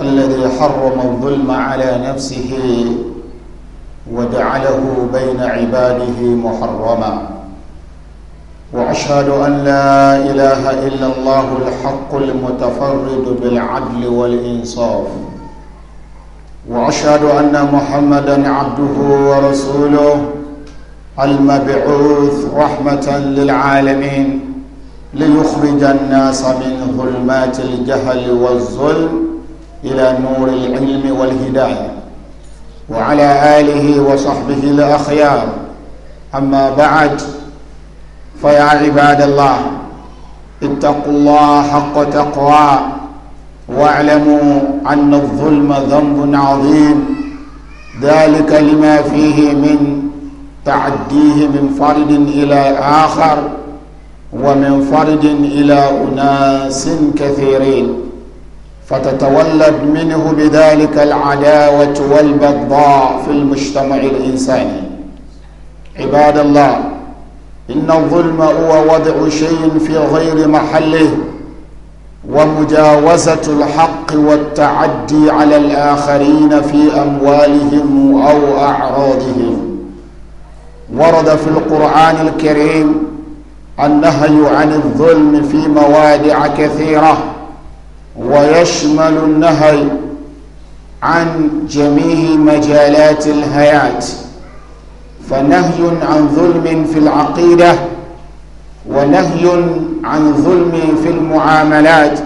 الذي حرم الظلم على نفسه وجعله بين عباده محرما واشهد ان لا اله الا الله الحق المتفرد بالعدل والانصاف واشهد ان محمدا عبده ورسوله المبعوث رحمه للعالمين ليخرج الناس من ظلمات الجهل والظلم إلى نور العلم والهداية وعلى آله وصحبه الأخيار أما بعد فيا عباد الله اتقوا الله حق تقواه واعلموا أن الظلم ذنب عظيم ذلك لما فيه من تعديه من فرد إلى آخر ومن فرد إلى أناس كثيرين فتتولد منه بذلك العداوة والبغضاء في المجتمع الإنساني عباد الله إن الظلم هو وضع شيء في غير محله ومجاوزة الحق والتعدي على الآخرين في أموالهم أو أعراضهم ورد في القرآن الكريم النهي عن الظلم في موادع كثيرة ويشمل النهي عن جميع مجالات الحياة فنهي عن ظلم في العقيدة ونهي عن ظلم في المعاملات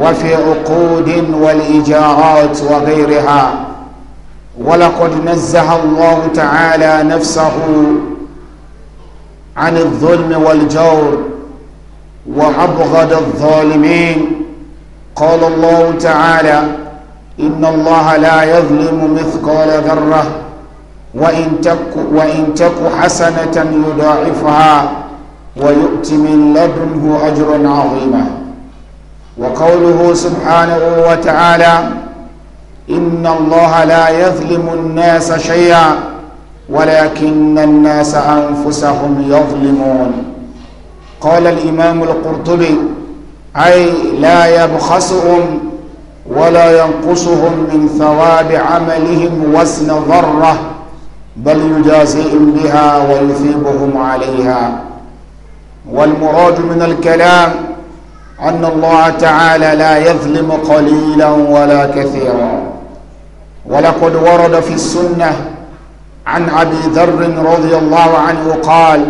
وفي عقود والإجارات وغيرها ولقد نزه الله تعالى نفسه عن الظلم والجور وأبغض الظالمين قال الله تعالى إن الله لا يظلم مثقال ذرة وإن تك, وإن تك حسنة يضاعفها ويؤت من لدنه أجرا عظيما وقوله سبحانه وتعالى إن الله لا يظلم الناس شيئا ولكن الناس أنفسهم يظلمون قال الإمام القرطبي أي لا يبخسهم ولا ينقصهم من ثواب عملهم وزن ضرة بل يجازئهم بها ويثيبهم عليها والمراد من الكلام أن الله تعالى لا يظلم قليلا ولا كثيرا ولقد ورد في السنة عن أبي ذر رضي الله عنه قال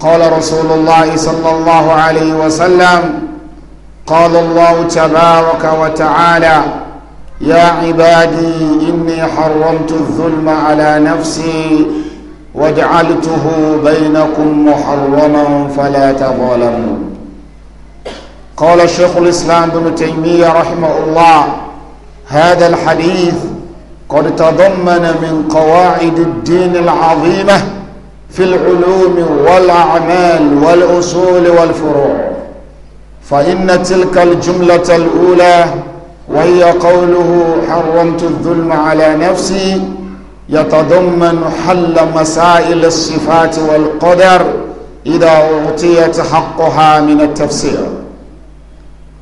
قال رسول الله صلى الله عليه وسلم قال الله تبارك وتعالى يا عبادي إني حرمت الظلم على نفسي وجعلته بينكم محرما فلا تظلموا قال الشيخ الإسلام بن تيمية رحمه الله هذا الحديث قد تضمن من قواعد الدين العظيمة في العلوم والأعمال والأصول والفروع فإن تلك الجملة الأولى وهي قوله حرمت الظلم على نفسي يتضمن حل مسائل الصفات والقدر إذا أعطيت حقها من التفسير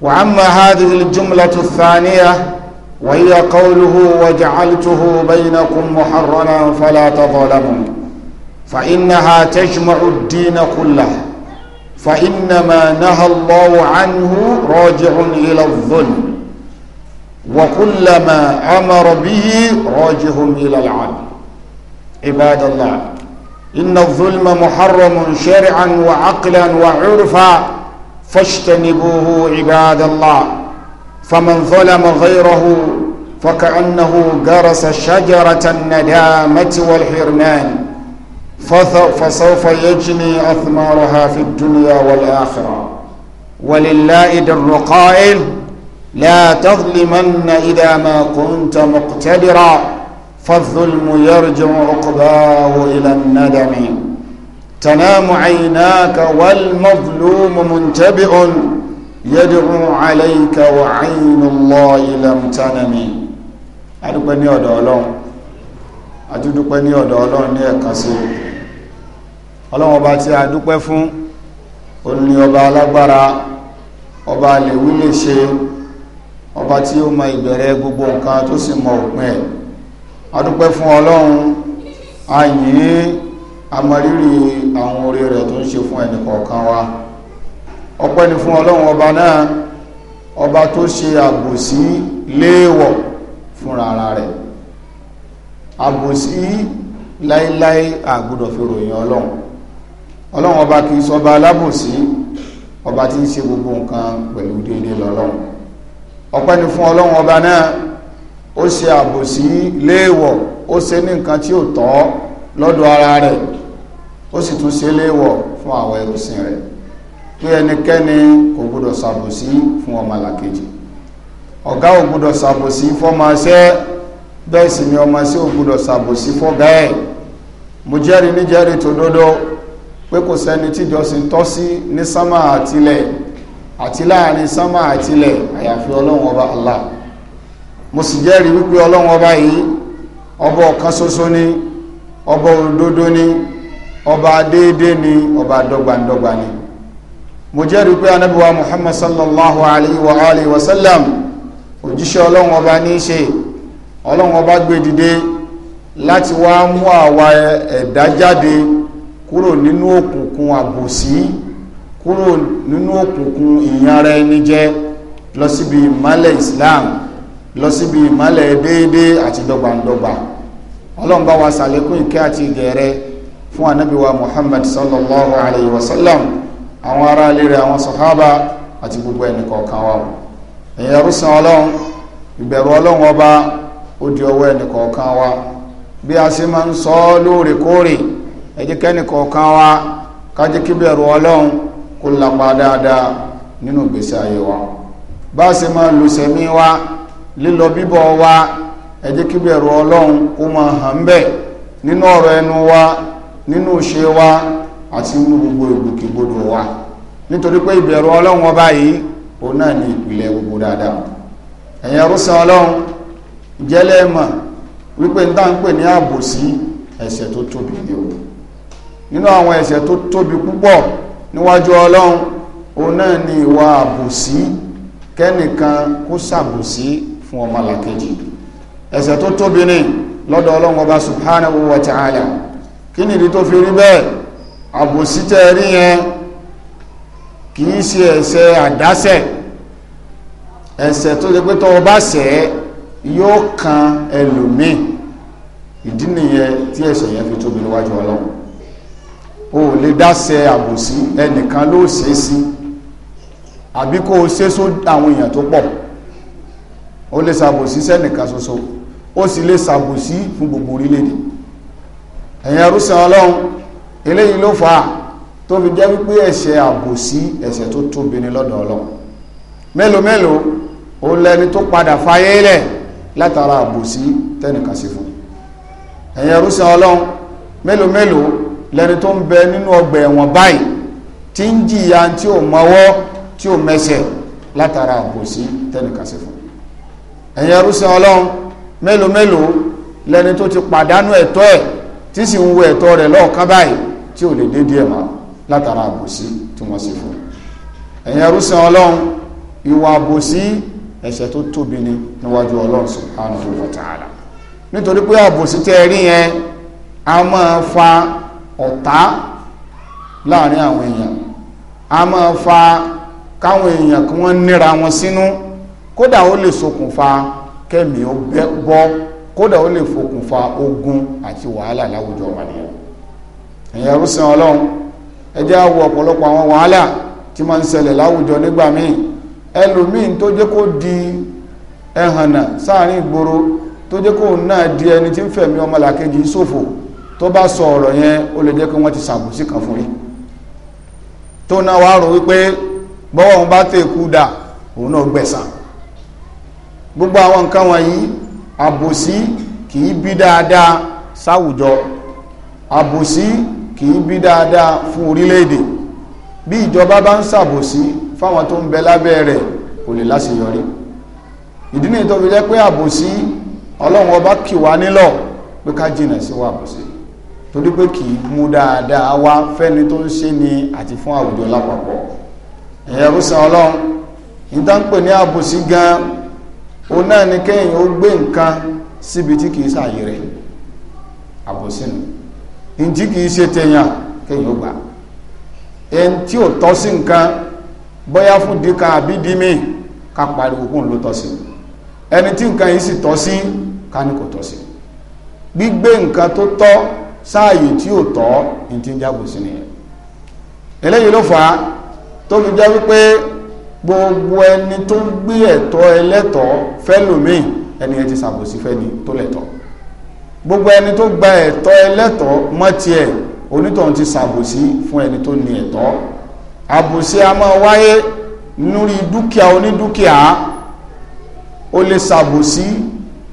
وأما هذه الجملة الثانية وهي قوله وجعلته بينكم محرما فلا تظلموا فإنها تجمع الدين كله فإنما نهى الله عنه راجع إلى الظلم وكلما أمر به راجع إلى العدل عباد الله إن الظلم محرم شرعا وعقلا وعرفا فاجتنبوه عباد الله فمن ظلم غيره فكأنه جرس شجرة الندامة والحرمان فسوف يجني أثمارها في الدنيا والآخرة ولله در قائل لا تظلمن إذا ما كنت مقتدرا فالظلم يرجع عقباه إلى الندم تنام عيناك والمظلوم منتبئ يدعو عليك وعين الله لم تنم أدوك بني أدو ألون أدوك بني ọlọ́run ọba tí a dúpẹ́ fún òun ni ọba alágbára ọba àlèwí lè ṣe ọba tí ó mọ ìbẹ̀rẹ̀ gbogbo nǹkan tó sì mọ òpin ẹ̀ a dúpẹ́ fún ọlọ́run a yìn àwọn orí rẹ̀ tó ń ṣe fún ẹnìkọ̀ọ̀kan wa ọpẹ́ ni fún ọlọ́run ọba náà ọba tó ṣe àbòsí léèwọ̀ fúnra ara rẹ̀ àbòsí láíláí àgbọ́dọ̀ fi ròyìn ọlọ́run ọlọ́run ọba kì í sọ ọba alábòsí ọba tí ń ṣe gbogbo nǹkan pẹ̀lú déédéé lọ́lọ́run ọpẹ́ ni fún ọlọ́run ọba náà ó ṣe àbòsí léèwọ̀ ó ṣe ní nǹkan tí ò tọ́ lọ́dọ̀ ara rẹ̀ ó sì tún ṣe léèwọ̀ fún àwọn ẹrúsìn rẹ̀ pé ẹnikẹ́ni kò gbọdọ̀ ṣàbòsí fún ọmọ làkejì ọ̀gá ò gbọdọ̀ ṣàbòsí fọ́mọṣẹ́ bẹ́ẹ̀ sì ni ọmọṣẹ́ ò gbọdọ̀ ṣàbòsí fọ́gá ẹ̀ mo jẹ́rìí níjẹ́rìí tòdodo pé kò sẹ́ni tí ìjọsìn tọ́ sí ní sánmà àtilẹ̀ àti láàrin sánmà àtilẹ̀ àyàfi ọlọ́run ọba Allah mo sì jẹ́rìí wípé ọlọ́run ọba yìí ọba ọ̀kan ṣoṣo ni ọba òdodo ni ọba déédé ni ọba dọ́gbandọ́gba ni mo jẹ́rìí pé anábíwá Muhammad sallallahu alayhi wa alayhi wa sallam òjíṣẹ́ ọlọ́run ọba ní í ṣe ọlọ́run ọba gbé dìde láti wá mú àwa ẹ̀dá jáde kúrò nínú òkùnkùn àbòsí kúrò nínú òkùnkùn ìyanra ẹni jẹ lọ síbi ìmálẹ̀ Islam lọ síbi ìmálẹ̀ déédé àti dọ́gbandọ́gba ọlọ́run bá wa ṣàlékún ìkẹ́ àti ìgẹ̀rẹ́ fún anábíwa Muhammad sallallahu alayhi wa sallam àwọn ará ilé rẹ̀ àwọn sàhábà àti gbogbo ẹnì kọ̀ọ̀kan wa ẹ̀yìn ẹrúsàn ọlọ́run ìbẹ̀rù ọlọ́run ọba ó di ọwọ́ ẹnì kọ̀ọ̀kan wa bí a ṣe máa ń sọ lóòrèkóòrè ẹ jẹ́ kẹ́ni kọ̀ọ̀kan wa ká jẹ́ kí bẹ̀rù ọlọ́run kó lapa dáadáa nínú ìgbésí ayé wa bá a ṣe máa lu sẹ̀mí wa lílọ bíbọ̀ wa ẹ jẹ́ kí bẹ̀rù ọlọ́run kó máa hàn ń bẹ̀ nínú ọ̀rọ̀ ẹnu wa nínú ìṣe wa àti nínú gbogbo ìgbòkègbodò wa nítorí pé ìbẹ̀rù ọlọ́run ọba yìí òun náà ni ìpìlẹ̀ gbogbo dáadáa ẹ̀yìn arúsàn ọlọ́run jẹ́lẹ́mọ̀ wípé ń tá pè ní àbòsí ẹ̀ṣẹ̀ tó tóbi ni o nínú àwọn ẹ̀ṣẹ̀ tó tóbi púpọ̀ níwájú ọlọ́run òun náà ni ìwà àbòsí kẹ́nìkan kó ṣàbòsí fún ọmọlàkejì ẹ̀ṣẹ̀ tó tóbi ní lọ́dọ̀ ọlọ́run ọba subhanahu wa ta'ala kí nìdí tó fi rí bẹ́ẹ̀ àbòsí tẹ́ rí yẹn kì í ṣe ẹ̀ṣẹ̀ àdásẹ̀ ẹ̀ṣẹ̀ tó ṣe pé tó o bá yóò kan ẹlòmíì ìdí nìyẹn tí ẹ̀ṣẹ̀ yẹn fi tóbi níwájú ọlọ́run o ò lè dáṣẹ àbòsí ẹnìkan ló ṣe sí àbí kó o ṣe só àwọn èèyàn tó pọ̀ o lè ṣàbòsí sẹ́nìkan ṣoṣo ó sì lè ṣàbòsí fún gbogbo orílẹ̀-èdè ẹ̀yin arúsàn ọlọ́run eléyìí ló fà á tó fi jẹ́ wípé ẹ̀ṣẹ̀ àbòsí ẹ̀ṣẹ̀ tó tóbi ni lọ́dọ̀ ọlọ́run mélòó mélòó ó lẹni tó padà fayé lẹ̀ látara àbòsí tẹ́nìkan sí fún ẹ̀yin arúsàn ọlọ́run mélòó mélòó lẹni tó ń bẹ nínú ọgbà ẹ̀wọ̀n báyìí tí ń jìyà tí ò mọ́wọ́ tí ò mẹsẹ̀ látara àbòsí tẹnìkan sí fún ẹ̀yin ẹrúsìn ọlọ́run mélòó mélòó lẹni tó ti pàdánù ẹ̀tọ́ ẹ̀ tí sì ń wo ẹ̀tọ́ rẹ̀ lọ́ọ̀kan báyìí tí ò lè dé díẹ̀ mọ́ látara àbòsí tí wọ́n sì fún ẹ̀yin ẹrúsìn ọlọ́run ìwà àbòsí ẹ̀ṣẹ̀ tó tóbi ni níwájú ọlọ́run subhanahu wa àbòsí tẹ́ yẹn a máa fa ọ̀tá láàrin àwọn èèyàn a máa fa káwọn èèyàn kí wọ́n níra wọn sínú kódà ó lè ṣokùnfà kẹ́mi ó bọ́ kódà ó lè fokùnfà ogun àti wàhálà láwùjọ wà ní ẹ̀yìn ẹrúsìn ọlọ́run ẹ jẹ́ á wo ọ̀pọ̀lọpọ̀ àwọn wàhálà tí máa ń ṣẹlẹ̀ láwùjọ nígbà míì ẹlòmíín tó jẹ́ kó di ẹhànà sáàrin ìgboro tó jẹ́ kó náà di ẹni tí ń fẹ̀mí ọmọlàkejì ṣòfò tó bá sọ ọ̀rọ̀ yẹn ó lè jẹ́ kí wọ́n ti sàbòsí kan fún rí tó náà wá rò wípé bọ́wọ́ òun bá tẹ̀ kú dà òun náà gbẹ̀sà gbogbo àwọn nǹkan wọ̀nyí àbòsí kì í bí dáadáa sáwùjọ àbòsí kì í bí dáadáa fún orílẹ̀-èdè bí ìjọba bá ń sàbòsí fáwọn tó ń bẹ lábẹ́ rẹ̀ kò lè láṣeyọrí ìdí nìyí tó jẹ́ pé àbòsí ọlọ́run ọba kì wá nílọ̀ pé ká jìnà sí wa àbòsí torí pé kì í mú dáadáa wá fẹ́ni tó ń ṣe ni àti fún àwùjọ lápapọ̀ ẹ̀rú san ọlọ́run ìdánpẹ̀ ní àbòsí gan o náà ni kẹ́yìn ó gbé nǹkan síbi tí kìí sàyè rẹ̀ àbòsí nù ìjí kìí ṣe tẹ̀yàn kẹ́yìn ó gbà ẹni tí ò tọ́ sí nǹkan bóyá fún dika àbí dimi ká pariwo kún ló tọ́ sí ẹni tí nǹkan yìí sì tọ́ sí ká ní kò tọ́ sí gbígbé nǹkan tó tọ́ sáàyè tí ò tọ́ ní ti ń jábò sí nìyẹn eléyìí ló fà á tó fi jẹ́ wípé gbogbo ẹni tó ń gbé ẹ̀tọ́ ẹlẹ́tọ̀ọ́ fẹ́lòmíì ẹni ẹ ti ṣàbòsí fẹ́ni tó lẹ́tọ̀ọ́ gbogbo ẹni tó gba ẹ̀tọ́ ẹlẹ́tọ̀ọ́ mọ́ tiẹ̀ onítọ̀hún ti ṣàbòsí fún ẹni tó ní ẹ̀tọ́ àbòsí a máa wáyé lórí dúkìá onídúkìá ó lè ṣàbòsí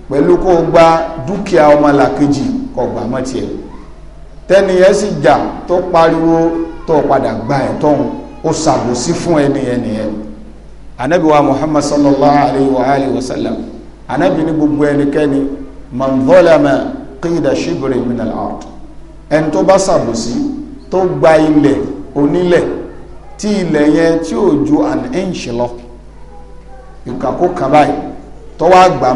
pẹ̀lú kó gba dúkìá ọmọlàkejì kó mọ́ tiẹ̀ tẹ́niyẹ sì jà tó pariwo tó padà gba ẹ̀tọ́ òun ó ṣàbòsí fún ẹniyẹn nìyẹn anabi wa muhammad sallallahu alayhi wa alihi wa sallam anabi ní gbogbo ẹnikẹ́ni man zalama qida shibri min al-ard ẹni tó bá ṣàbòsí tó gba ilẹ̀ onílẹ̀ tí ilẹ̀ yẹn tí ò ju an inch lọ ìkàkó kaba yìí tó wá gbà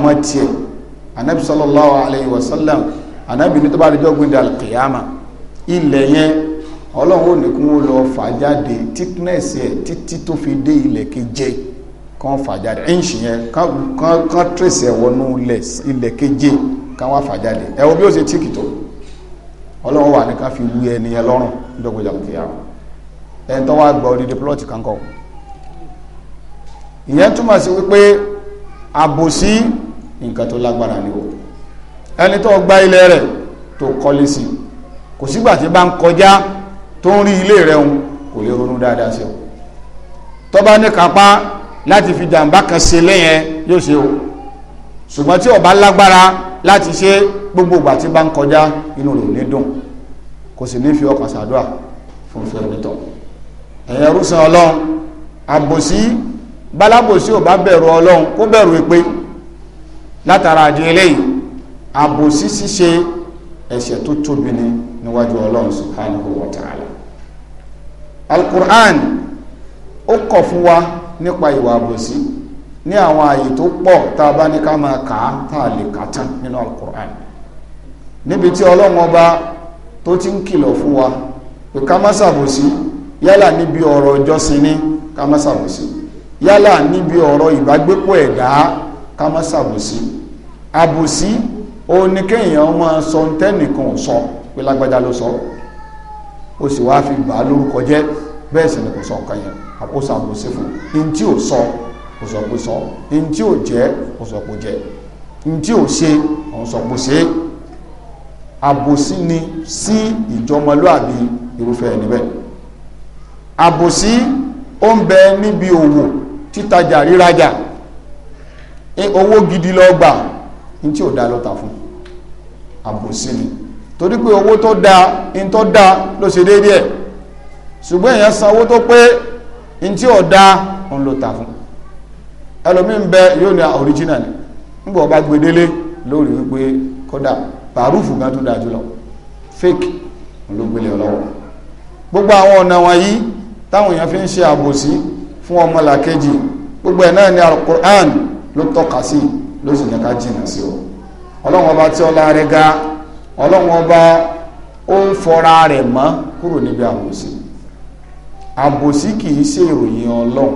anabi sallallahu alayhi wa sallam anabi ní tó bá dé jọ́gbìn dal qiyama ilẹ̀ yẹn ọlọ́run ò ní kí wọ́n lọ fà jáde thickness ẹ̀ títí tó fi dé ilẹ̀ keje kan fà jáde inch yẹn kan trace ẹ̀ wọnú ilẹ̀ keje kan wá fà jáde ẹ wo bí ó ṣe tíkì tó ọlọ́run wà ní ká fi wú ẹni yẹn lọ́rùn nígbàgbọ́jà kò kíyà ẹni tó wá gba odidi plot kankan ìyẹn túmọ̀ sí wípé àbòsí nǹkan tó lágbára ni o ẹni tó gba ilẹ̀ rẹ̀ tó kọ́lé sí i kò sígbà tí bá ń kọjá tó ń rí ilé rẹ̀ òun kò lè ronú dáadáa sí o tó bá ní kápá láti fi jàǹbá kan ṣe lẹ́yìn yóò ṣe o ṣùgbọ́n tí ó bá lágbára láti ṣe gbogbo ìgbà tí bá ń kọjá inú rẹ̀ ò ní dùn kò sì ní fi ọkàn ṣàdúrà fún ìfẹ́ onítọ̀ ẹ̀yẹ rúṣan ọlọ́run àbòsí bálábòsí ò bá bẹ̀rù ọlọ́run kó bẹ̀rù ìpè látara àdìẹ lẹ́yìn àbòsí ṣíṣe ẹ̀ṣẹ̀ tó tóbi ni níwájú ọlọ́run subhanahu wa ta'ala alukur'an ó kọ̀ fún wa nípa ìwà àbòsí ní àwọn tó pọ̀ tá a bá ní ká a lè kà tán nínú níbi tí ọlọ́run ọba tó ti ń kìlọ̀ fún wa pé ká má ṣàbòsí yálà níbi ọ̀rọ̀ ní ká má ṣàbòsí yálà níbi ọ̀rọ̀ ìbágbépọ̀ ẹ̀dá ká má ṣàbòsí àbòsí òun ni kéèyàn máa sọ tẹ́nìkan sọ. pé lágbájá ló sọ ó sì wá fi bà á lórúkọ jẹ́ bẹ́ẹ̀ sì ni kò sọ nǹkan yẹn àkóso àbòsí fún un tí ò sọ kò sọ pé sọ ntí ò jẹ́ kò sọ pé jẹ́ ntí ò ṣe kò sọ pé ṣe àbòsí ni sí ìjọmọlúàbí irúfẹ́ ẹni bẹ́ẹ̀ àbòsí ó ń bẹ níbi òwò títajà rírajà owó gidi ló gbà ntí ò dá ló ta fún àbòsí ni torí pé owó tó da in tó da ló ṣe déédéé ẹ̀ ṣùgbọ́n èèyàn san owó tó pé in tí ò da òun ló tà fún ẹlòmíín bẹ yóò ní ah, original nígbà ọba gbedele lórí wípé kódà pàrúfù gan tó da jùlọ fake òun ló gbélé ọlọ́wọ́ gbogbo àwọn ọ̀nà wọ̀nyí táwọn èèyàn fi ń ṣe àbòsí fún ọmọlàkejì gbogbo ẹ̀ náà ni alukur'an ló tọ́ka sí ló sì yẹ ká jìnnà sí o ọlọ́run ọba tí ọlá rẹ̀ ga ọlọ́run ọba ó ń fọra rẹ̀ mọ́ kúrò níbi àbòsí àbòsí kì í ṣe ìròyìn ọlọ́run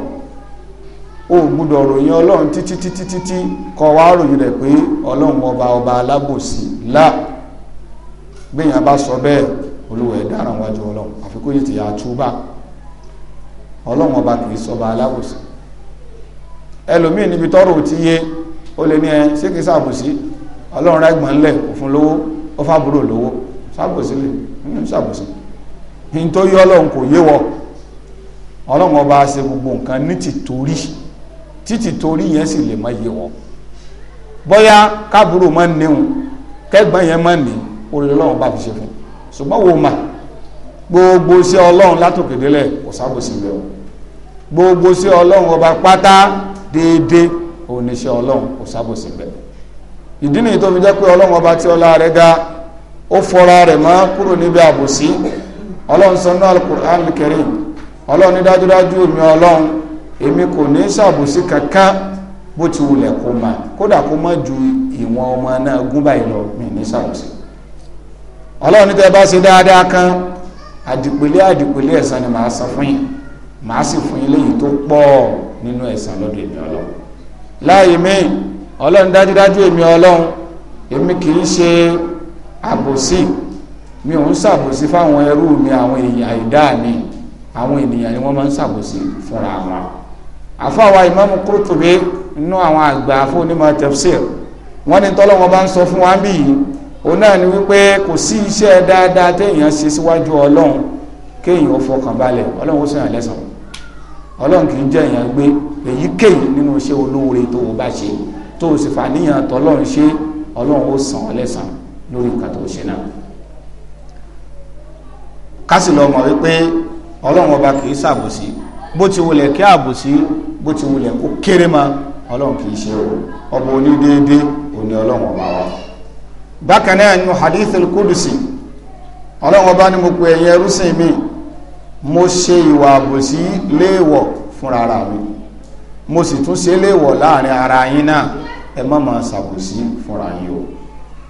ó gbúdọ̀ ròyìn ọlọ́run títí títí títí kọ wá ròyìn rẹ̀ pé ọlọ́run ọba ọba alábòsí là gbẹ̀yìn bá sọ bẹ́ẹ̀ olúwa ẹ̀ dáràn wájú ọlọ́run àfikún yìí ti yà á túbà ọlọ́run ọba kì í sọba alábòsí ẹlòmíì níbi tọ́rọ̀ ti yé ó lè ní ẹ ṣé kì í ṣàbòsí ọlọ́run rẹ̀ gbọ̀n lẹ̀ òfun lówó ó fábúrò lówó sábòsí lè ní sábòsí ní tó yé ọlọ́run kò yé wọ ọlọ́run ọba ṣe gbogbo nǹkan ní tìtorí títìtorí yẹn sì lè má yé wọ bóyá kábúrò má níhun kẹgbọ́n yẹn má ní orí ọlọ́run bá fi ṣe fún ṣùgbọ́n wo mà gbogbo sí ọlọ́run látòkè délẹ̀ kò sábòsí lẹ̀ gbogbo sí ọlọ́run ọba pátá déédéé òun ní ọlọ́run kò sábòsí lẹ̀ ìdí nìyí tó fi jẹ́ pé ọlọ́run ọba tí ọlá rẹ̀ ga ó fọra rẹ̀ mọ́ kúrò níbi àbòsí ọlọ́run sọ alukur'an kẹrin ọlọ́run ní dájúdájú èmi ọlọ́run èmi kò ní ṣàbòsí kankan bó ti wulẹ̀ kó ma kódà kó má ju ìwọ̀n ọmọ náà gún báyìí lọ mi ní ọlọ́run ní tẹ́ bá ṣe dáadáa kan ni ọlọ́run dájúdájú èmi ọlọ́run èmi kì í ṣe àbòsí mi ò ń ṣàbòsí fáwọn ẹrú mi àwọn èèyàn àìdá mi àwọn ènìyàn ni wọ́n máa ń ṣàbòsí fúnra wọn àfáwa ìmáàmù Qurtubi nínú àwọn àgbà afọ́nímọ̀ tafsir wọ́n ní tọ́lọ́wọ́n bá ń sọ fún wa ń yìí òun náà ni wípé kò sí iṣẹ́ dáadáa téèyàn ṣe síwájú ọlọ́run kéèyàn ó fọkàn balẹ̀ ọlọ́run ó sèyàn lẹ́sàn ọlọ́run kì í jẹ́ èèyàn gbé èyíkéyìí nínú iṣẹ́ olóore tó o bá ṣe yìí tó o sì fà níyàn tọ́lọ́run ṣe ọlọ́run ó san ọ́ lẹ́san lórí nǹkan tó o ṣe náà kásì lọ mọ̀ wípé ọlọ́run ọba kì í ṣàbòsí bó ti wulẹ̀ kí àbòsí bó ti wulẹ̀ kó kéré ma ọlọ́run kì í ṣe o ọba onídéédé òní ọlọ́run ọba wa bákan náà nínú hadith al-kudusi ọlọ́run ọba ni mo pe ẹ̀yin ẹrú mi mo ṣe ìwà àbòsí léèwọ̀ fúnra ara mi mo sì tún ṣe léèwọ̀ láàrin ara yín náà ẹ má máa ṣàbòsí fúnra yín o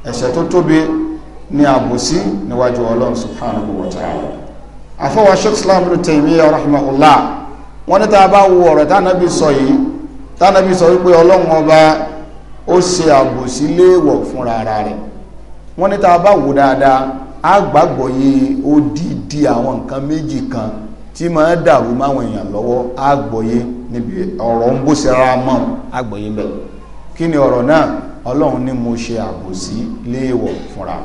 ẹ̀ṣẹ̀ tó tóbi ni àbòsí níwájú ọlọ́run subhanahu wa ta'ala àfọwọ́ sheikh islam ibn taymiyyah rahimahullah wọ́n ní tá a bá wo ọ̀rọ̀ tánàbí sọ yìí tánàbí sọ wípé ọlọ́run ọba ó ṣe àbòsí léèwọ̀ fúnra ara rẹ̀ wọ́n ní bá wò dáadáa á gbàgbọ́ yé odidi àwọn nǹkan méjì kan tí máa dàrú máwọn èèyàn lọ́wọ́ àgbọ̀yé níbi ọ̀rọ̀ ń bó sẹ́ra mọ́ àgbọ̀yé bẹ́ẹ̀ kí ni ọ̀rọ̀ náà ọlọ́run ní mo ṣe àbòsí léèwọ̀ fúnra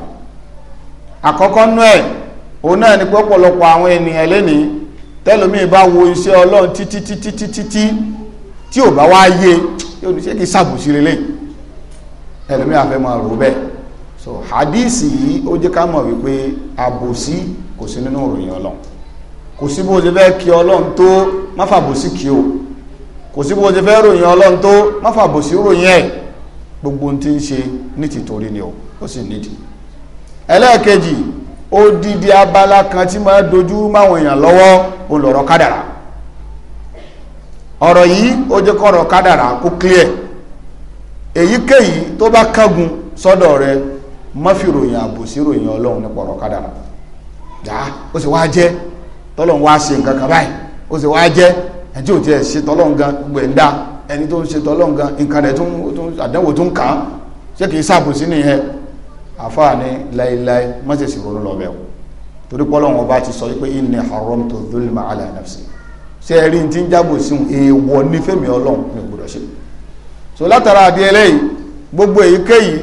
àkọ́kọ́ nú ẹ̀ òun náà ni pọ́pọ̀lọpọ̀ àwọn ènìyàn lénìí tẹ́lómi bá wo iṣẹ́ ọlọ́run títí títí títí tí tí ò bá wá yé yóò ní ṣé kí sàbòsí lélẹ̀ ẹlòmí àfẹ́ máa rò bẹ́ẹ̀ so hadisi yìí ó jẹ́ ká mọ̀ wípé àbòsí kò sí nínú ìròyìn ọlọ́run kò sí bó ṣe fẹ́ kí ọlọ́run tó má fàbòsí kí o kò sí bó ṣe fẹ́ ròyìn ọlọ́run tó má fàbòsí ròyìn ẹ̀ gbogbo ti ń ṣe ní tìtorí ni o ó sì nídìí ẹlẹ́ẹ̀kejì odidi abala kan tí máa dojú máwọn èèyàn lọ́wọ́ kádàrà ọ̀rọ̀ yìí ó jẹ́ kọ́rọ̀ kádàrà kó clear èyíkéyìí tó bá fi ròyìn àbòsí ròyìn ọlọ́run nípa ọ̀rọ̀ kádàrà ó sì wá jẹ́ tọ́lọ́n wá ṣe nǹkan kan báyìí ó sì wá jẹ́ ẹni tí ò tiẹ̀ ṣe tọ́lọ́n gan gbogbo ẹ̀ ń dá ẹni tó ń ṣe tọ́lọ́n gan nǹkan rẹ̀ tó ń àdánwò tó ń kàn án ṣé kì í ṣàbòsí nìyẹn àfáà ní láéláé má ṣe sì ronú lọ́bẹ̀ o torí pọ́lọ́n ọba ti sọ pé inni haramtu dhulma ala nafsi ṣé ẹ rí ti ń jábò sí èèwọ̀ ní fẹ́mi ọlọ́run mi gbọdọ̀ ṣe so látara àdí eléyìí gbogbo èyíkéyìí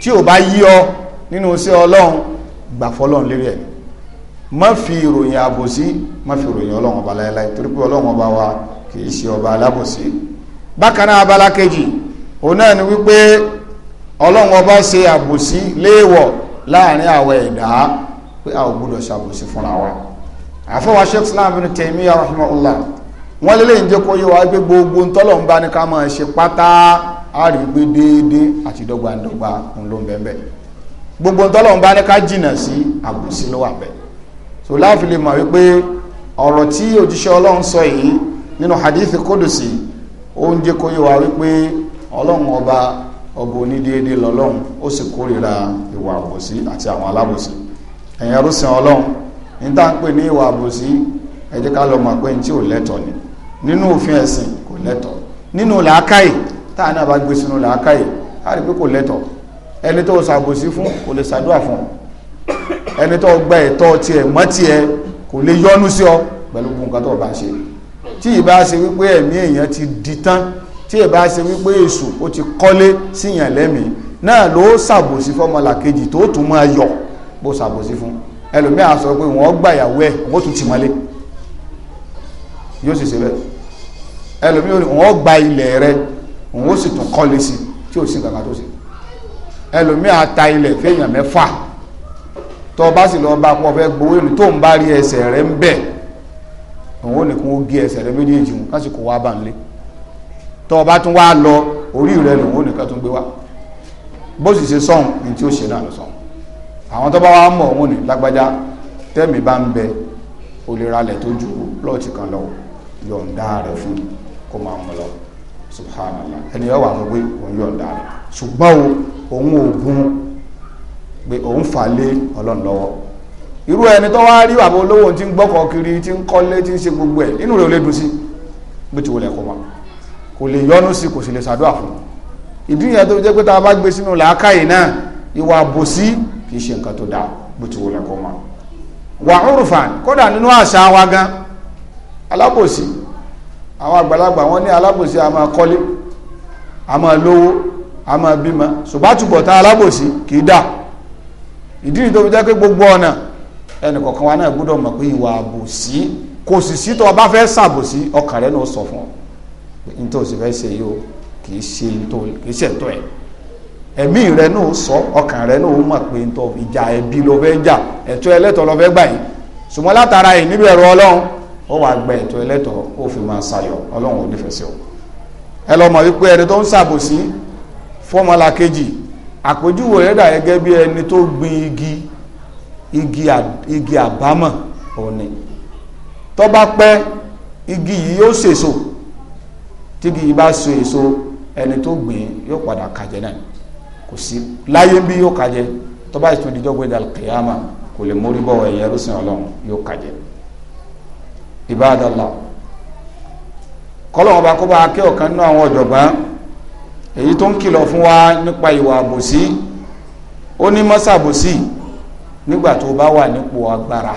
tí ò bá yí ọ nínú iṣẹ́ ọlọ́run gbà fọlọ́run lérí ẹ̀mí Ma fi ìròyìn àbòsí má fi ìròyìn ọlọ́run ọba láéláé torí pé ọlọ́run ọba wa kì í ṣe ọba alábòsí bákan abala kejì òun náà ni wípé ọlọ́run ọba ṣe àbòsí léèwọ̀ láàrin àwọn ẹ̀dá pé a ò gbúdọ̀ ṣàbòsí fúnra wa àfọwà sheikh islam bin Taymiyyah rahimahullah wọn lè ń jẹ́ kó yé wa pé gbogbo ntọ́lọ́run bá ní ká máa ṣe pátá a rí gbé déédéé àti dọ́gbandọ́gba òun ló ń bá ní ká jìnnà sí àbòsí ló wà so láàfin mọ̀ wípé ọ̀rọ̀ tí òjíṣẹ́ ọlọ́run sọ yìí nínú hadith kódùsì ó ń jẹ́ kó yé wa wípé ọlọ́run ọba ọba onídéédé lọ́lọ́run ó sì kórìíra ìwà àbòsí àti àwọn alábòsí ẹ̀yin arúsìn ọlọ́run ní tá à ń pè ní ìwà àbòsí ẹ jẹ́ ká lọ mọ̀ pé ní tí ò ni nínú òfin ẹ̀sìn kò lẹ́tọ̀ọ́ nínú làákàyè tá a náà bá gbé sínú làákàyè á rí pé kò ẹni tó fún kò lè ẹni tó gba ẹ̀tọ́ tiẹ̀ mọ́ tiẹ̀ kò lè yọ́nú sí ọ pẹ̀lú gbogbo nǹkan tó bá ń ṣe tí ìbá ṣe wípé ẹ̀mí èèyàn ti di tán tí ìbá ṣe wípé èṣù ó ti kọ́lé síyàn lẹ́mìí náà ló ṣàbòsí fọ́mọlà kejì tó tún máa yọ bó ṣàbòsí fún ẹlòmíà sọ pé wọ́n gbàyàwó ẹ̀ wọ́n tún ti mọ́lé yóò sì ṣe bẹ́ẹ̀ ẹlòmíà wọ́n gba ilẹ̀ rẹ̀ wọ́n sì tún kọ́lé sí tí ò sí nǹkan tó ṣe ẹlòmíà ta ilẹ̀ fẹ́yàn mẹ́fà tó o bá sì lọ bá pọ̀ fẹ́ gbowó ìlú tó ń bá rí ẹsẹ̀ rẹ ń bẹ̀ òun ò ní kún ó gé ẹsẹ̀ rẹ méjèèjì wọn kásìkò wá bá ń lé tó o bá tún wá lọ orí rẹ lòun ò ní ká tún gbé wá bó sì ṣe sọ̀hún ní tí ó ṣe náà lọ sọ̀hún àwọn tó bá wá mọ̀ òun ò ní lágbájá tẹ́mi bá ń bẹ o lè ralẹ̀ tó ju lọ́ọ̀tì kan lọ yọ̀ǹda rẹ̀ fún kó máa mọ̀ lọ subhanallah ẹni ẹ wà mọ̀ pé òun yọ̀ǹda rẹ̀ ṣùgbọ́n òun òògùn pé òun fà lé ọlọ́run lọ́wọ́ irú ẹni tó wá rí àwọn olówó tí ń gbọ́kọ̀ kiri tí ń kọ́lé tí ń ṣe gbogbo ẹ̀ inú rẹ̀ ò lè dùn sí bí ti wọlé kó ma kò lè yọnu sí kò sì lè ṣàdúrà fún ìdí ìyẹn tó jẹ́ pé tá a bá gbé sínú làákàyè náà ìwà àbòsí kì í ṣe nǹkan tó dáa bí ti wọlé kó ma wà urfan kódà nínú àṣà wa gan alábòsí àwọn àgbàlagbà wọn ní alábòsí a máa kọ́lé a máa lówó a máa bímọ ṣùgbọ́n àtúbọ̀tán alábòsí kì í dáa ìdí ìdó fi jẹ́ pé gbogbo ọ̀nà ẹnìkọ̀ọ̀kan wa náà gbọ́dọ̀ mọ̀ pé ìwà àbòsí kò sì sí tó o bá fẹ́ ṣàbòsí ọkàn rẹ̀ náà sọ fún ọ n tó o sì fẹ́ ṣe yìí o kì í ṣe n tó kì í ṣe tó ẹ̀ ẹ̀mí rẹ̀ náà sọ ọkàn rẹ̀ náà mọ̀ pé n tó ìjà ẹbí ló fẹ́ jà ẹ̀tọ́ ẹlẹ́tọ̀ ló fẹ́ gbà yìí ṣùgbọ́n látara yìí níbi ẹ̀rọ ọlọ́run ó wàá gba ẹ̀tọ́ ẹlẹ́tọ̀ ó fi àpèjúwe rẹ̀ dà bí ẹni tó gbin igi igi àbámọ̀ ọ̀nì tó bá pẹ́ igi yìí yóò sèso tí igi yìí bá so ẹni tó gbìn yóò padà náà láyé bí yóò tó bá ìtún kò lè mórí bọ́ ẹ̀yẹ rúsìn èyí tó ń kìlọ̀ fún wa nípa ìwà àbòsí ó ní mọ́sàbòsí nígbà tó bá wà nípò agbára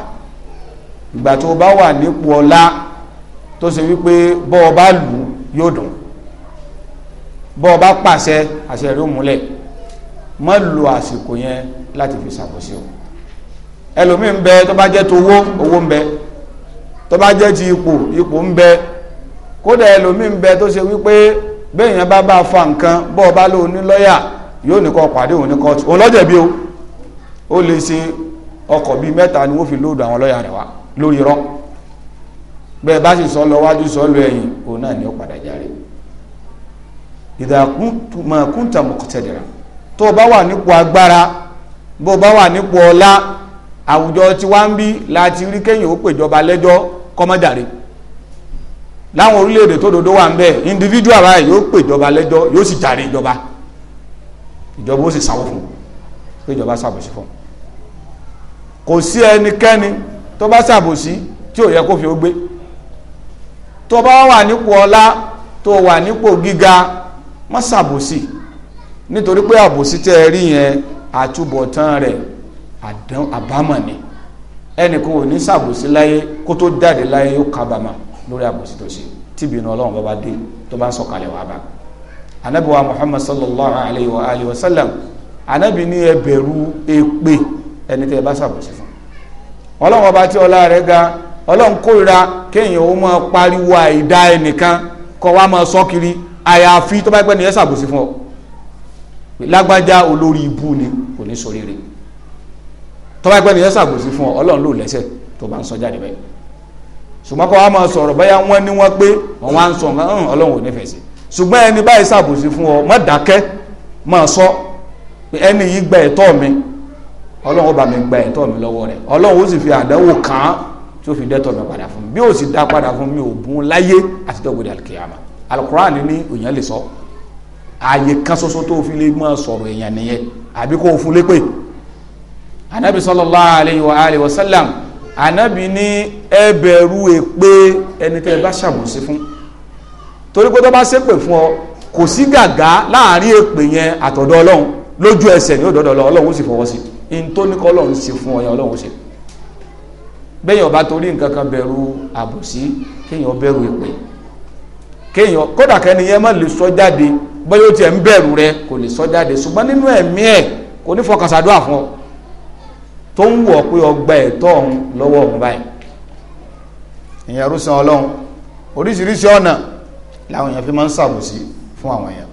ìgbà tó bá wà nípò ọlá tó ṣe wípé bọ́ ọ bá lù yóò dùn bọ́ ọ bá pàṣẹ àṣẹ rẹ̀ ó múlẹ̀ má àsìkò yẹn láti fi ṣàbòsí o ẹlòmíì ń bẹ tó bá jẹ́ tó owó owó ń bẹ tó bá jẹ́ ti ipò ipò ń bẹ kódà ẹlòmíì bẹ tó ṣe wípé bẹ́ẹ̀ yẹn bá bá fa nǹkan bọ́ ọba lóun ní lọ́yà yóò ní kọ́ pàdé òun ní kọ́ọ̀tù òun lọ́jẹ̀bi o ó lè ṣe ọkọ̀ bíi mẹ́ta ni wọ́n fi lóòdù àwọn lọ́yà rẹ̀ wá lórí rọ́ bẹ́ẹ̀ bá sì sọ lọ wájú sọ lọ ẹ̀yìn òun náà ni ó padà járe ìdàkúntà mọ̀kọ̀tẹ̀dẹ̀rà tó o bá wà nípò agbára bó bá wà nípò ọlá àwùjọ tí wá ń bí láti rí kéèyàn ó pèjọba lẹ́jọ́ kọ́mọ́dàre láwọn orílẹ̀-èdè tó dodo wà ń bẹ individual báyìí yóò pè ìjọba lẹ́jọ́ yóò sì jàre ìjọba ìjọba ó sì sanwó fún pé ìjọba ṣàbòsí fún kò sí ẹnikẹ́ni tó bá ṣàbòsí tí ò yẹ kó fi ó gbé tó bá wà nípò ọlá tó wà nípò gíga má ṣàbòsí nítorí pé àbòsí tẹ́ ẹ rí yẹn àtúbọ̀tán rẹ̀ àbámọ̀ ni ẹnìkan ò ní ṣàbòsí láyé kó tó jáde láyé ó kábàámọ̀ lórí àbòsí tó ṣe tíbi inú ọlọ́run bá dé tó bá sọ̀kalẹ̀ wá bá anabi wa muhammad sallallahu alayhi wa alihi wa sallam anabi ní ẹ bẹ̀rù èpè ẹni tẹ́ ẹ bá ṣàbòsí fún ọlọ́run ọba tí ọlá rẹ̀ ga ọlọ́run kórira kéèyàn ó máa pariwo àìdá ẹnìkan kó wá máa sọ kiri àyàfi tó bá pẹ́ ni ẹ ṣàbòsí fún ọ lágbájá olórí ibú ni kò ní sọ rere tó bá pẹ́ ni ẹ ṣàbòsí fún ọ ọlọ́run ló lẹ́sẹ̀ tó bá ń sọ jáde bẹ́ẹ̀ ṣùgbọ́n kọ́ wa máa sọ̀rọ̀ báyà wọ́n ní wọ́n pé wọ́n wá ń sọ nǹkan ọlọ́run ò nífẹ̀ẹ́ sí ṣùgbọ́n ẹni báyìí ṣàbòsí fún ọ má dákẹ́ máa sọ pé ẹni yìí gba ẹ̀tọ́ mi ọlọ́run ó bá mi gba ẹ̀tọ́ mi lọ́wọ́ rẹ̀ ọlọ́run ó sì fi àdánwò kàn án tí ó fi dẹ́tọ̀ mi padà fún mi bí ó sì dá padà fún mi ò bùn láyé àti dọ́gbọ̀dẹ alikiyama alukuraani ànábì ní ẹ bẹ̀rù èpè ẹni tẹ́ ẹ bá ṣàbòsí fún torí pé tó bá ṣépè fún ọ kò sí gàgá láàrin èpè yẹn àtọ̀dọ̀ ọlọ́run lójú ẹsẹ̀ ní òdòdó ọlọ́run ọlọ́run ó sì fọwọ́ sí in tó ní kọ́ ọlọ́run ṣe fún ọyàn ọlọ́run ṣe bẹ́yìn ọba torí nǹkan kan bẹ̀rù àbòsí kéèyàn bẹ̀rù èpè kéèyàn kódà kẹ́ni yẹn má lè sọ jáde bóyá tiẹ̀ ń bẹ̀rù rẹ kò lè sọ jáde ṣùgbọ́n nínú ẹ̀mí ẹ̀ kò ní fọkàn ṣàdúrà fún ọ tó ń wọ̀ pé ọgbà ẹ̀tọ́ ọ̀hún lọ́wọ́ ọ̀hún báyìí ìyẹn rúsan ọlọ́run oríṣiríṣi ọ̀nà làwọn èèyàn fi máa ń ṣàbòsí fún àwọn èèyàn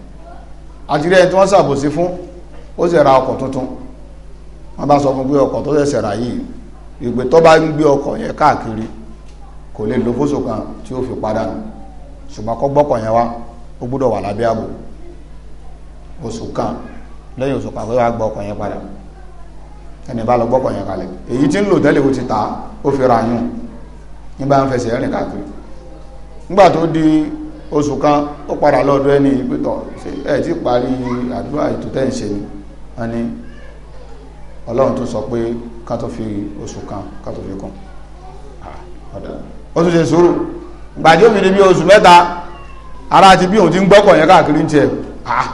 àti rí ẹni tí wọ́n ṣàbòsí fún ó sì ra ọkọ̀ tuntun wọ́n bá sọ fún pé ọkọ̀ tó ṣẹ̀ṣẹ̀ rà yìí ìgbé tó bá ń gbé ọkọ̀ yẹn káàkiri kò lè lo fóṣù kan tí ó fi padà nù ṣùgbọ́n kọ́ gbọ́kọ̀ yẹn wá ó gbọ́dọ̀ wà lábẹ́ ààbò oṣù kan lẹ́yìn oṣù kan pé wàá gbọ́ yẹn padà nù ẹni bá lọ gbọ́kọ̀ yẹn kalẹ̀ èyí tí ń lò tẹ́lẹ̀ ti ta ó fi ra yún bá ń fẹsẹ̀ rìn káàkiri nígbà tó di oṣù kan ó padà lọ́dọ̀ ẹni ẹ̀ ti parí àdúrà ètò tẹ́ ń ṣe ni wọ́n ní ọlọ́run tó sọ pé ká tó fi oṣù kan ká tó fi kún ah, ó tún ṣe sùúrù gbàdí òmìnir bí oṣù mẹ́ta ara ti bí òun ti ń gbọ́kọ̀ yẹn káàkiri ń tiẹ̀ ah,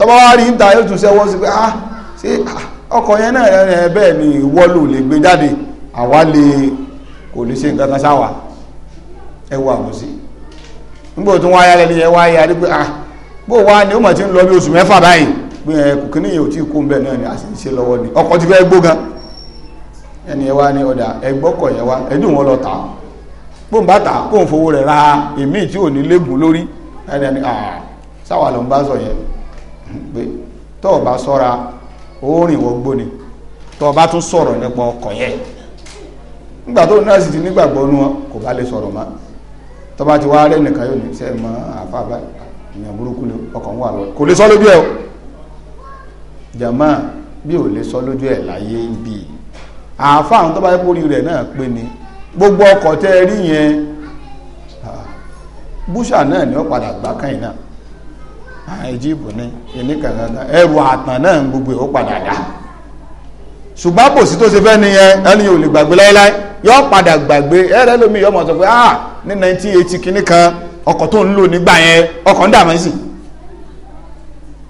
wá rí ń ta yóò ọkọ̀ yẹn náà ẹ bẹ́ẹ̀ ni lè gbé jáde lè kò lè ṣe nǹkan sáwà ẹ mọ̀ sí nígbà tó wáyá lẹ́ni bó wá ni ó mọ̀ tí ń lọ bí oṣù mẹ́fà báyìí pé ẹ kò níyẹn ò tí kó ń bẹ̀ náà ni a sì ń ṣe lọ́wọ́ ni ọkọ̀ ti fẹ́ gbó gan ẹni wá ní ọ̀dà ẹ yẹn wá wọn lọ tà á ń ó rìn wọgbó ni tó o bá tún sọ̀rọ̀ nípa ọkọ̀ yẹn nígbà tó náà sì ti nígbàgbọ́ nu wọn kò bá lè sọ̀rọ̀ mọ́ tó bá ti wá rẹ́ nìkan yóò ní sẹ́ mọ́ àfa bá èèyàn burúkú ni ọkọ̀ ń wà lọ kò lè sọ lójú ẹ o jàmá bí ò lè sọ lójú ẹ láyé bí àfa àwọn bá yẹ kórìí rẹ̀ náà pé ni gbogbo ọkọ̀ tẹ́ rí yẹn búṣà náà ni ó padà gbá kàn yín náà àìjíìbù ah, ni ilé ẹrù àtàn náà gbogbo padà ṣùgbọ́n tó ni yẹn ẹni ò lè gbàgbé láéláé yọ padà gbàgbé ẹrẹ lómi yọmọ sọ pé ah ní kan ọkọ̀ tó ń lò nígbà yẹn ọkọ̀ ń sí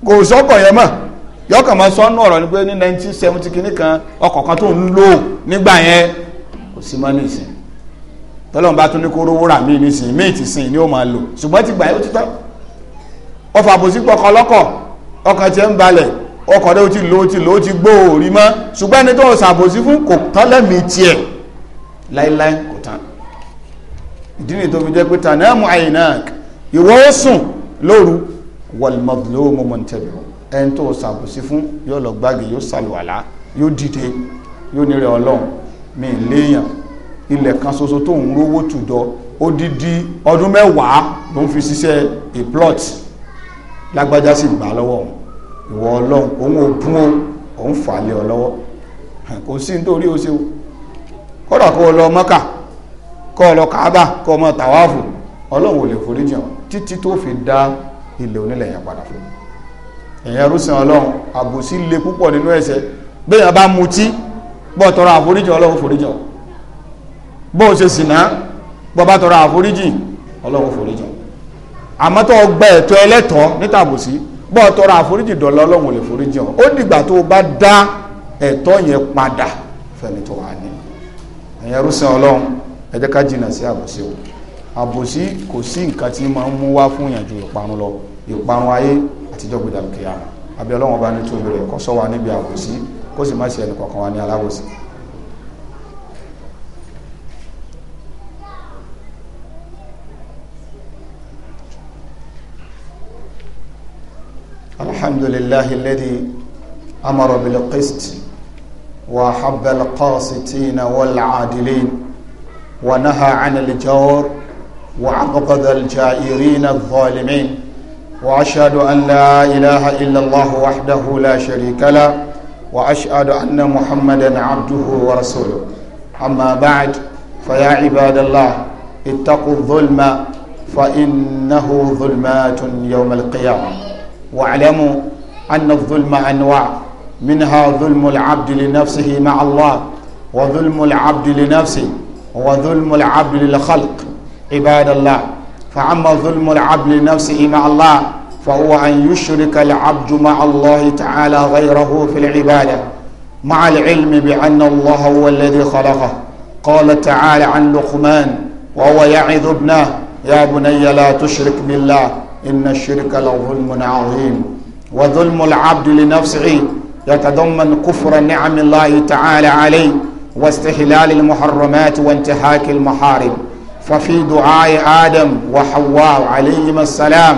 kò sọ́kọ̀ yẹn mọ̀ máa sọ ọ̀rọ̀ ni pé ní 1970 kìíní kan ọkọ̀ kan tó ń lò nígbà yẹn kò sí mọ́ nísìn tọ́lọ́mùbá tún ní kó rówó rà nísìn ọfà àbòsí pọkàn lọ́kọ̀ ọkàn tiẹ̀ ń balẹ̀ ọkọ̀ rẹ̀ ó ti lò ó ti lò ó ti gbó òrí mọ́ ṣùgbọ́n ẹni tó ń ṣàbòsí fún kò tán lẹ́mìí tiẹ̀ láíláí kò tán ìdí ni tó fi jẹ́ pé tànáàmù àyìnà ìwọ ó sùn lóru wàlmọ́dúnlówó mọ́ntẹ́bì ẹni tó ṣàbòsí fún yóò lọ gbági yóò ṣàlùwàlá yóò dìde yóò ní rẹ ọlọ́run mi léèyàn ilẹ̀ kan ṣoṣo tó ń rówó tùdọ̀ odidi ọdún mẹ́wàá ló ń fi ṣiṣẹ́ a plot lágbájá sì gbà lọ́wọ́ ìwọ ọlọ́run òun ò bún o òun fà lé ọ lọ́wọ́ kò sí nítorí o ṣe o kódà kó o lọ mọ́kà kó o lọ káábà kó o mọ tàwáàfù ọlọ́run ò lè foríjì ọ títí tó fi dá ilẹ̀ onílẹ̀ yẹn padà fún mi èèyàn rúṣin ọlọ́run àbòsí le púpọ̀ nínú ẹ̀ṣẹ̀ béèyàn bá mutí bọ́ tọrọ àforíjì ọlọ́run foríjì ọ bó o ṣe sìnà bọ́ bá tọrọ àforíjì ọlọ́run foríjì ọ àmọ́ tó gba ẹ̀tọ́ ẹlẹ́tọ́ nítàbùsí bọ́ ọ tọrọ àforíjì dọ̀lọ́ ọlọ́run lè foríjì ọ ó dìgbà tó o bá dá ẹ̀tọ́ yẹn padà fẹ́ni tó wà ní ẹ̀yẹn rúṣin ọlọ́run ẹ jẹ́ ká jìnnà sí àbòsí o àbòsí kò sí nǹkan tí máa ń mú wá fún ìyànjú ìparun lọ ìparun ayé àtijọ́ gbẹdàgbẹ́ àmọ́ àbí ọlọ́run bá ní tóbi rẹ̀ kó ṣọ́ wa níbi àbòsí kó sì má ṣe ẹnì kọ̀ọ̀kan wa ní alábòsí الحمد لله الذي أمر بالقسط وحب القاسطين والعادلين ونهى عن الجور وعقبض الجائرين الظالمين وأشهد أن لا إله إلا الله وحده لا شريك له وأشهد أن محمدا عبده ورسوله أما بعد فيا عباد الله اتقوا الظلم فإنه ظلمات يوم القيامة واعلموا أن الظلم أنواع منها ظلم العبد لنفسه مع الله وظلم العبد لنفسه وظلم العبد للخلق عباد الله فأما ظلم العبد لنفسه مع الله فهو أن يشرك العبد مع الله تعالى غيره في العبادة مع العلم بأن الله هو الذي خلقه قال تعالى عن لقمان وهو يعظ ابنه يا بني لا تشرك بالله إن الشرك لظلم عظيم وظلم العبد لنفسه يتضمن كفر نعم الله تعالى عليه واستهلال المحرمات وانتهاك المحارم ففي دعاء آدم وحواء عليهما السلام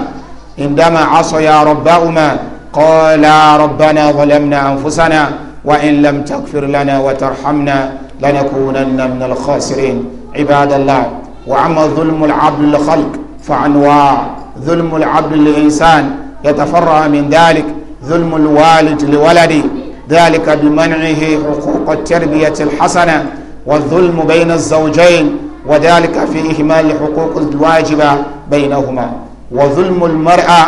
عندما عصيا ربهما قالا ربنا ظلمنا أنفسنا وإن لم تغفر لنا وترحمنا لنكونن من الخاسرين عباد الله وعما ظلم العبد للخلق فأنواع ظلم العبد للإنسان يتفرع من ذلك ظلم الوالد لولده ذلك بمنعه حقوق التربية الحسنة والظلم بين الزوجين وذلك في إهمال حقوق الواجبة بينهما وظلم المرأة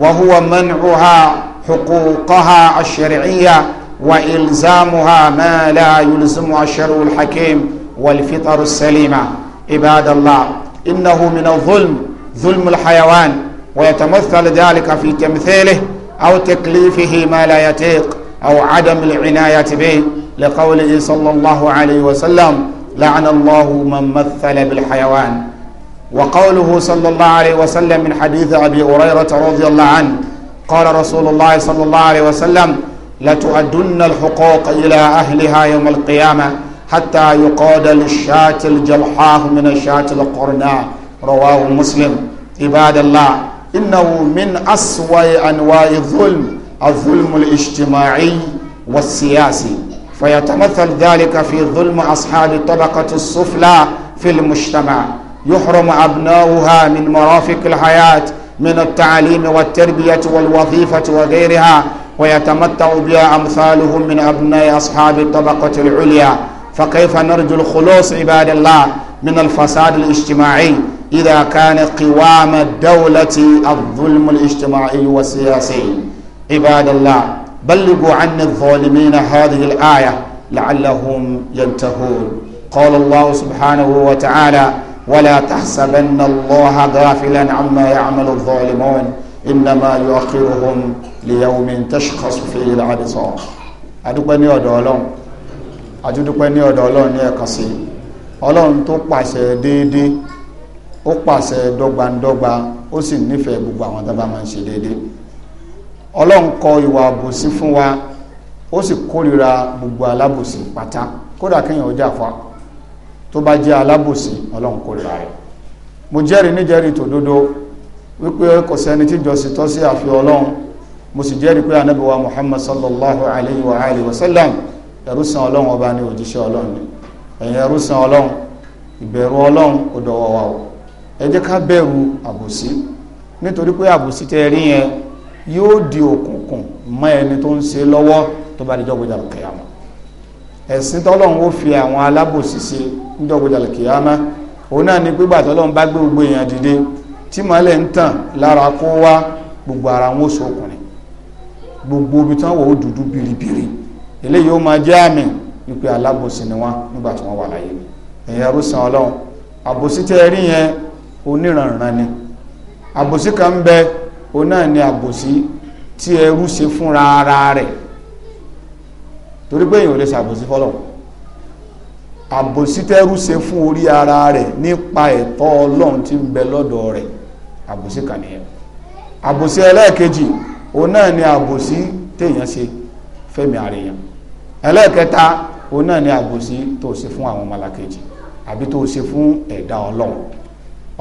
وهو منعها حقوقها الشرعية وإلزامها ما لا يلزمها الشرع الحكيم والفطر السليمة عباد الله إنه من الظلم ظلم الحيوان ويتمثل ذلك في تمثيله أو تكليفه ما لا يتيق أو عدم العناية به لقوله صلى الله عليه وسلم لعن الله من مثل بالحيوان وقوله صلى الله عليه وسلم من حديث أبي هريرة رضي الله عنه قال رسول الله صلى الله عليه وسلم لتؤدن الحقوق إلى أهلها يوم القيامة حتى يقاد للشاة الجلحاه من الشاة القرناء رواه مسلم عباد الله إنه من أسوأ أنواع الظلم الظلم الاجتماعي والسياسي فيتمثل ذلك في ظلم أصحاب الطبقة السفلى في المجتمع يحرم أبناؤها من مرافق الحياة من التعليم والتربية والوظيفة وغيرها ويتمتع بها أمثالهم من أبناء أصحاب الطبقة العليا فكيف نرجو الخلوص عباد الله من الفساد الاجتماعي إذا كان قوام الدولة الظلم الاجتماعي والسياسي عباد الله بلغوا عن الظالمين هذه الآية لعلهم ينتهون قال الله سبحانه وتعالى ولا تحسبن الله غافلا عما يعمل الظالمون إنما يؤخرهم ليوم تشخص فيه الأبصار adúpẹ́ ní ọ̀dọ̀ ọlọ́run àtúndúpẹ́ ní ọ̀dọ̀ ọlọ́run ní ẹ̀kan sí ó pàṣẹ dọ́gbandọ́gba ó sì nífẹ̀ẹ́ gbogbo àwọn tó bá máa ń ṣe déédéé ọlọ́run kọ ìwà àbòsí fún wa ó sì kórìíra gbogbo alábòsí pátá kódà kéèyàn ó jà fa tó bá jẹ́ alábòsí ọlọ́run kórìíra rẹ̀ mo jẹ́rìí níjẹ́rìí tòdodo wípé kò sẹ́ni tí jọ́sìn tọ́ sí àfi ọlọ́run mo sì jẹ́rìí pé ànábì wa muhammad sallallahu alayhi wa alayhi wa sallam ẹrúsàn ọlọ́run ọba ni òjíṣẹ́ ọlọ́run ẹ̀yin ẹrúsàn ọlọ́run ìbẹ̀rù ọlọ́run ó dọ̀wọ́ ẹ jẹ́ ká bẹ̀rù àbòsí nítorí pé àbòsí tẹ́ rí yẹn yóò di òkùnkùn mọ́ ẹni tó ń ṣe lọwọ tó bá di jọ́gbọ́dà kìyàmá ẹ̀sìn tọ́lọ́run ó fi àwọn alábòsí ṣe ní òun ni pígbà tọ́lọ́run bá gbé gbogbo èèyàn dìde tí màálẹ̀ ń tàn lára kó wá gbogbo ara wọn so gbogbo omi wò ó dúdú biribiri ni wọn nígbà oníranran ni àbòsí kan ń bẹ òun náà ni àbòsí tí ẹrú ṣe fúnra ara rẹ̀ torí pé èèyàn lè ṣàbòsí fọlọ́ àbòsí tẹ́rú ṣe fún orí ara rẹ̀ nípa ẹ̀tọ́ ọlọ́run tí ń bẹ lọ́dọ̀ rẹ̀ àbòsí kan nìyẹn àbòsí ẹlẹ́ẹ̀kejì òun náà ni àbòsí téèyàn ṣe fẹ́mi ara èèyàn ẹlẹ́ẹ̀kẹta òun náà ni àbòsí tó ṣe fún àwọn ọmọlàkejì àbí tó ṣe fún ẹ̀dá ọlọ́run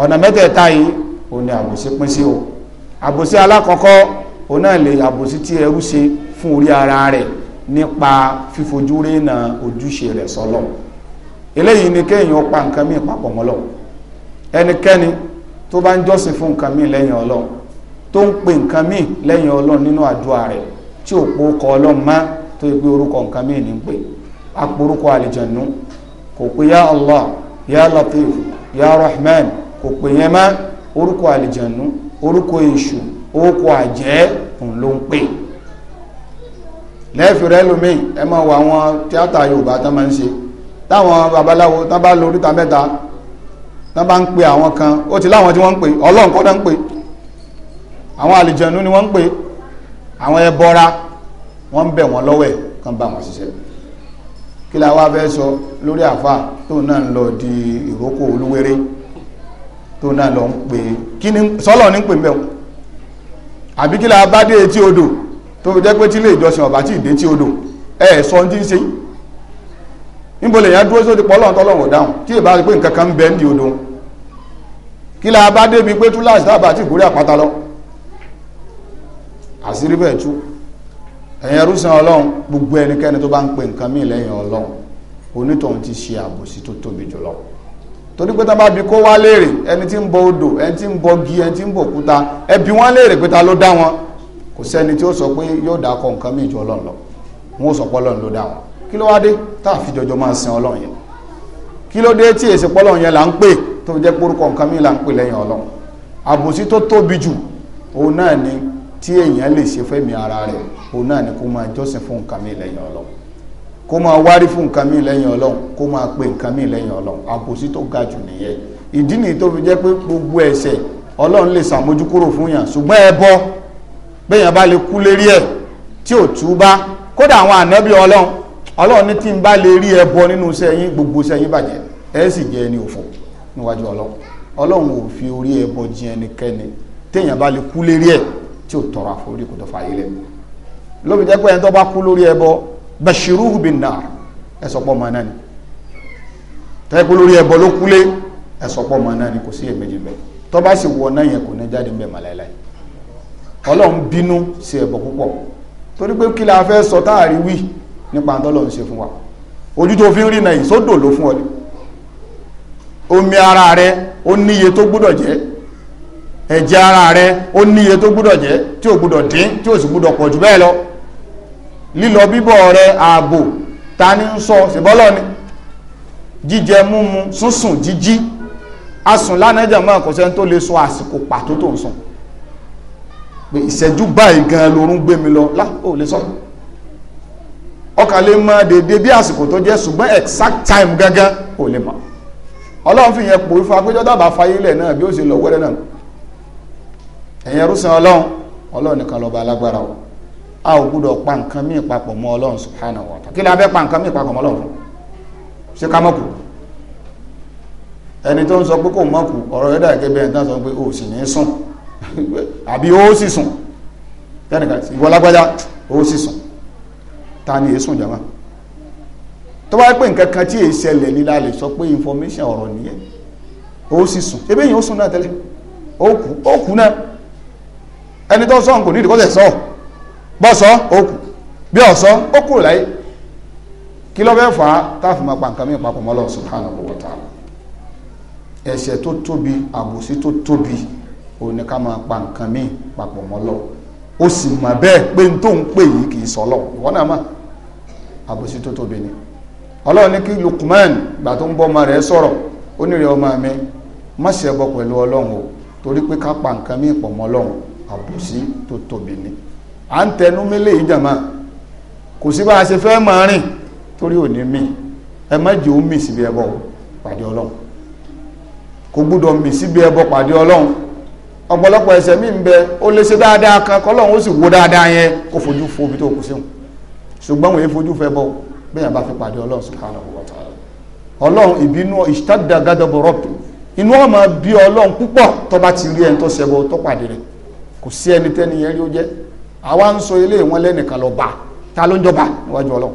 ọ̀nà mẹ́tẹ̀ẹ̀ta yìí ò ní àbòsí pín sí o àbòsí alákọ̀ọ́kọ́ ò náà lè àbòsí tí ẹrú ṣe fún orí ara rẹ̀ nípa fífojú rénà ojúṣe rẹ̀ sọ́lọ̀ eléyìí ni kéèyàn pa nǹkan míì papọ̀ mọ́lọ̀ ẹnikẹ́ni tó bá ń jọ́sìn fún nǹkan míì lẹ́yìn ọlọ́run tó ń pè nǹkan míì lẹ́yìn ọlọ́run nínú àdúrà rẹ̀ tí ò po kọ ọlọ́run má tó yẹ pé orúkọ nǹkan míì ní ń pè aporúkọ àlìjànú kò pé yá Allah yá Latif yá Rahman kò pè yẹn mọ́ orúkọ àlìjànú orúkọ èṣù orúkọ àjẹ́ òun ló ń pè lẹ́ẹ̀fì rẹ lómi ẹ máa wọ àwọn tíátà yorùbá tán máa ń ṣe táwọn babaláwo tán bá lo oríta mẹ́ta tán bá ń pe àwọn kan ó ti láwọn tí wọ́n ń pè ọlọ́run náà ń pè àwọn àlìjànú ni wọ́n ń pè àwọn ẹbọra wọ́n ń bẹ̀ wọ́n lọ́wọ́ ẹ̀ kàn bá wọn ṣiṣẹ́ kí la wá fẹ́ sọ lórí àfa tóun náà ń lọ di ìrókò olúwere tó náà lọ ń pè kí ni sọ́lọ̀ ní pè mẹ́wọ́n àbí kí la bá dé etí odò tó fi jẹ́ pé tí ilé ìjọsìn ọ̀bá tí ìdé tí odò ẹ̀ sọ ní ṣe níbo lè yẹn dúró sóde pọ́ lọ́wọ́ tọ́lọ́wọ́ dáhùn tí ìbá rí pé nǹkan kan ń bẹ ní odò kí la bá débi pé túláàsì tábà tí ìkórè àpáta lọ àṣírí bẹ́ẹ̀ tú ẹ̀yin ẹrúsìn ọlọ́run gbogbo ẹnikẹ́ni tó bá ń pè nǹkan míì lẹ́yìn ọlọ́run onítọ̀hún ti ṣe àbòsí tó tóbi jùlọ torí pé tá bá bi kó wá léèrè ẹni tí ń bọ odò ẹni tí ń bọ gi ẹni tí ń bọ òkúta ẹ bi léèrè pé ta ló dá wọn kò sẹ́ni tí ó sọ pé yóò dá kọ nǹkan mìíràn ju ọlọ́run lọ wọn ò sọ pé ọlọ́run ló dá wọn kí ló wá dé tá a fi jọjọ máa sin ọlọ́run yẹn kí ló dé tí èsì pọ́lọ́run yẹn là ń pè tó fi jẹ́ pórúkọ nǹkan mìíràn là ń pè lẹ́yìn ọlọ́run àbòsí tó tóbi jù òun náà ni tí èèyàn lè ṣe fẹ́mi ara rẹ̀ òun náà ni kó máa jọ́sìn fún nǹkan mìíràn lẹ́yìn ọlọ́run kó máa wárí fún nǹkan míì lẹ́yìn ọlọ́run kó máa pe nǹkan míì lẹ́yìn ọlọ́run àbòsí tó ga jù nìyẹn ìdí nìyí tó fi jẹ́ pé gbogbo ẹ̀ṣẹ̀ ọlọ́run lè ṣàmójúkúrò fún yàn ṣùgbọ́n ẹbọ bẹ́yàn bá lè kú lérí ẹ̀ tí ò túbá kódà àwọn ànábì ọlọ́run ọlọ́run ní tí ń bá lè rí ẹbọ nínú iṣẹ́ yín gbogbo iṣẹ́ yín bàjẹ́ ẹ sì jẹ́ ẹni òfò níwájú ọlọ́run ọlọ́run ò fi orí ẹbọ jìn bashiruhu bin nar ẹ sọ pọ̀ ni lórí ẹbọ ló kúlé ẹ sọ ni kò sí èméjì bẹ́ẹ̀ sì wọ náà yẹn kò ní jáde mbẹ́ màláìláì ọlọ́run bínú sí ẹbọ púpọ̀ torí pé kí la sọ táàrí wí nípa tọ́lọ́run ṣe fún wa ojú tó fi ń rí náà yìí lílọ bíbọ̀ rẹ ààbò ta ní ń sọ ṣèbọ́lọ́ ni jíjẹ múmu súnsùn jíjí asùn lánàájà máa kò sẹ́ni tó lè sọ àsìkò pàtó tó ń sùn pé ìṣẹ́jú báyìí gan lorún gbé mi lọ lá ò lè sọ ọkà lè mọ dédé bí àsìkò tó jẹ́ ṣùgbọ́n exact time gangan ò lè mọ̀ ọlọ́run fi yẹn pò fún apéjọ́ dábàá fayé ilẹ̀ náà bí ó ṣe lọ wẹ́rẹ́ náà ẹ̀yẹn rúṣin ọlọ́run ọlọ́run nìkan lọ́ba alágbára o a ò gbúdọ̀ pa nǹkan míì papọ̀ mọ́ ọlọ́run subhanahu wa ta'ala kí la fẹ́ pa nǹkan míì papọ̀ mọ́ ọlọ́run ṣé ká mọ̀kù ẹni tó ń sọ pé kò mọ̀kù ọ̀rọ̀ rẹ̀ dàgẹ́ bẹ́ẹ̀ tán sọ pé o sì ní sùn àbí o sì sùn tẹnìkan ìwọ o sì sùn ta ni èsùn e jama tó bá pé nǹkan kan tí èyí e ṣẹlẹ̀ ní lè sọ pé information ọ̀rọ̀ nìyẹn o sì sùn ebi yìí ó sùn náà tẹ́lẹ̀ ó kú ó kú náà ẹni tó sọ̀ ń kò ní ìdíkọ́sẹ̀ sọ̀ọ́ bọ́sọ okù bí ọ̀sọ́ ó kúrò láyé kí fà á máa pa nǹkan mí papọ̀ mọ́ Ọlọ́run subhanahu wa ẹ̀ṣẹ̀ tó tóbi àbòsí tó tóbi ó ní ká máa pa nǹkan mí papọ̀ mọ́ ó sì mà bẹ́ẹ̀ pé n tó ń pè yìí kì í ìwọ náà mà ni Ọlọ́run ní kí Lukman gbà tó ń bọ́ ọmọ rẹ̀ sọ̀rọ̀ ó ní rẹ̀ ọmọ mi o torí pé ká pa nǹkan mí ni. à ń tẹnu mélèé ìjàmá kò sí bá a ṣe fẹ́ máa rìn torí ò ní mí ẹ má jẹ́ síbi ẹbọ pàdé ọlọ́run kò gbúdọ̀ mì síbi ẹbọ pàdé ọlọ́run ọ̀pọ̀lọpọ̀ ẹsẹ̀ mi ń bẹ ó lè ṣe dáadáa kan kọ́lọ́run ó sì wo dáadáa yẹn kó fojú fo tó pàdé ọlọ́run ọlọ́run ìbínú inú ọmọ bí ọlọ́run púpọ̀ bá ti rí ẹni tó àwa ń sọ ilé wọn lẹ́nìkan lọ bá ta ló ń jọba níwájú ọlọ́run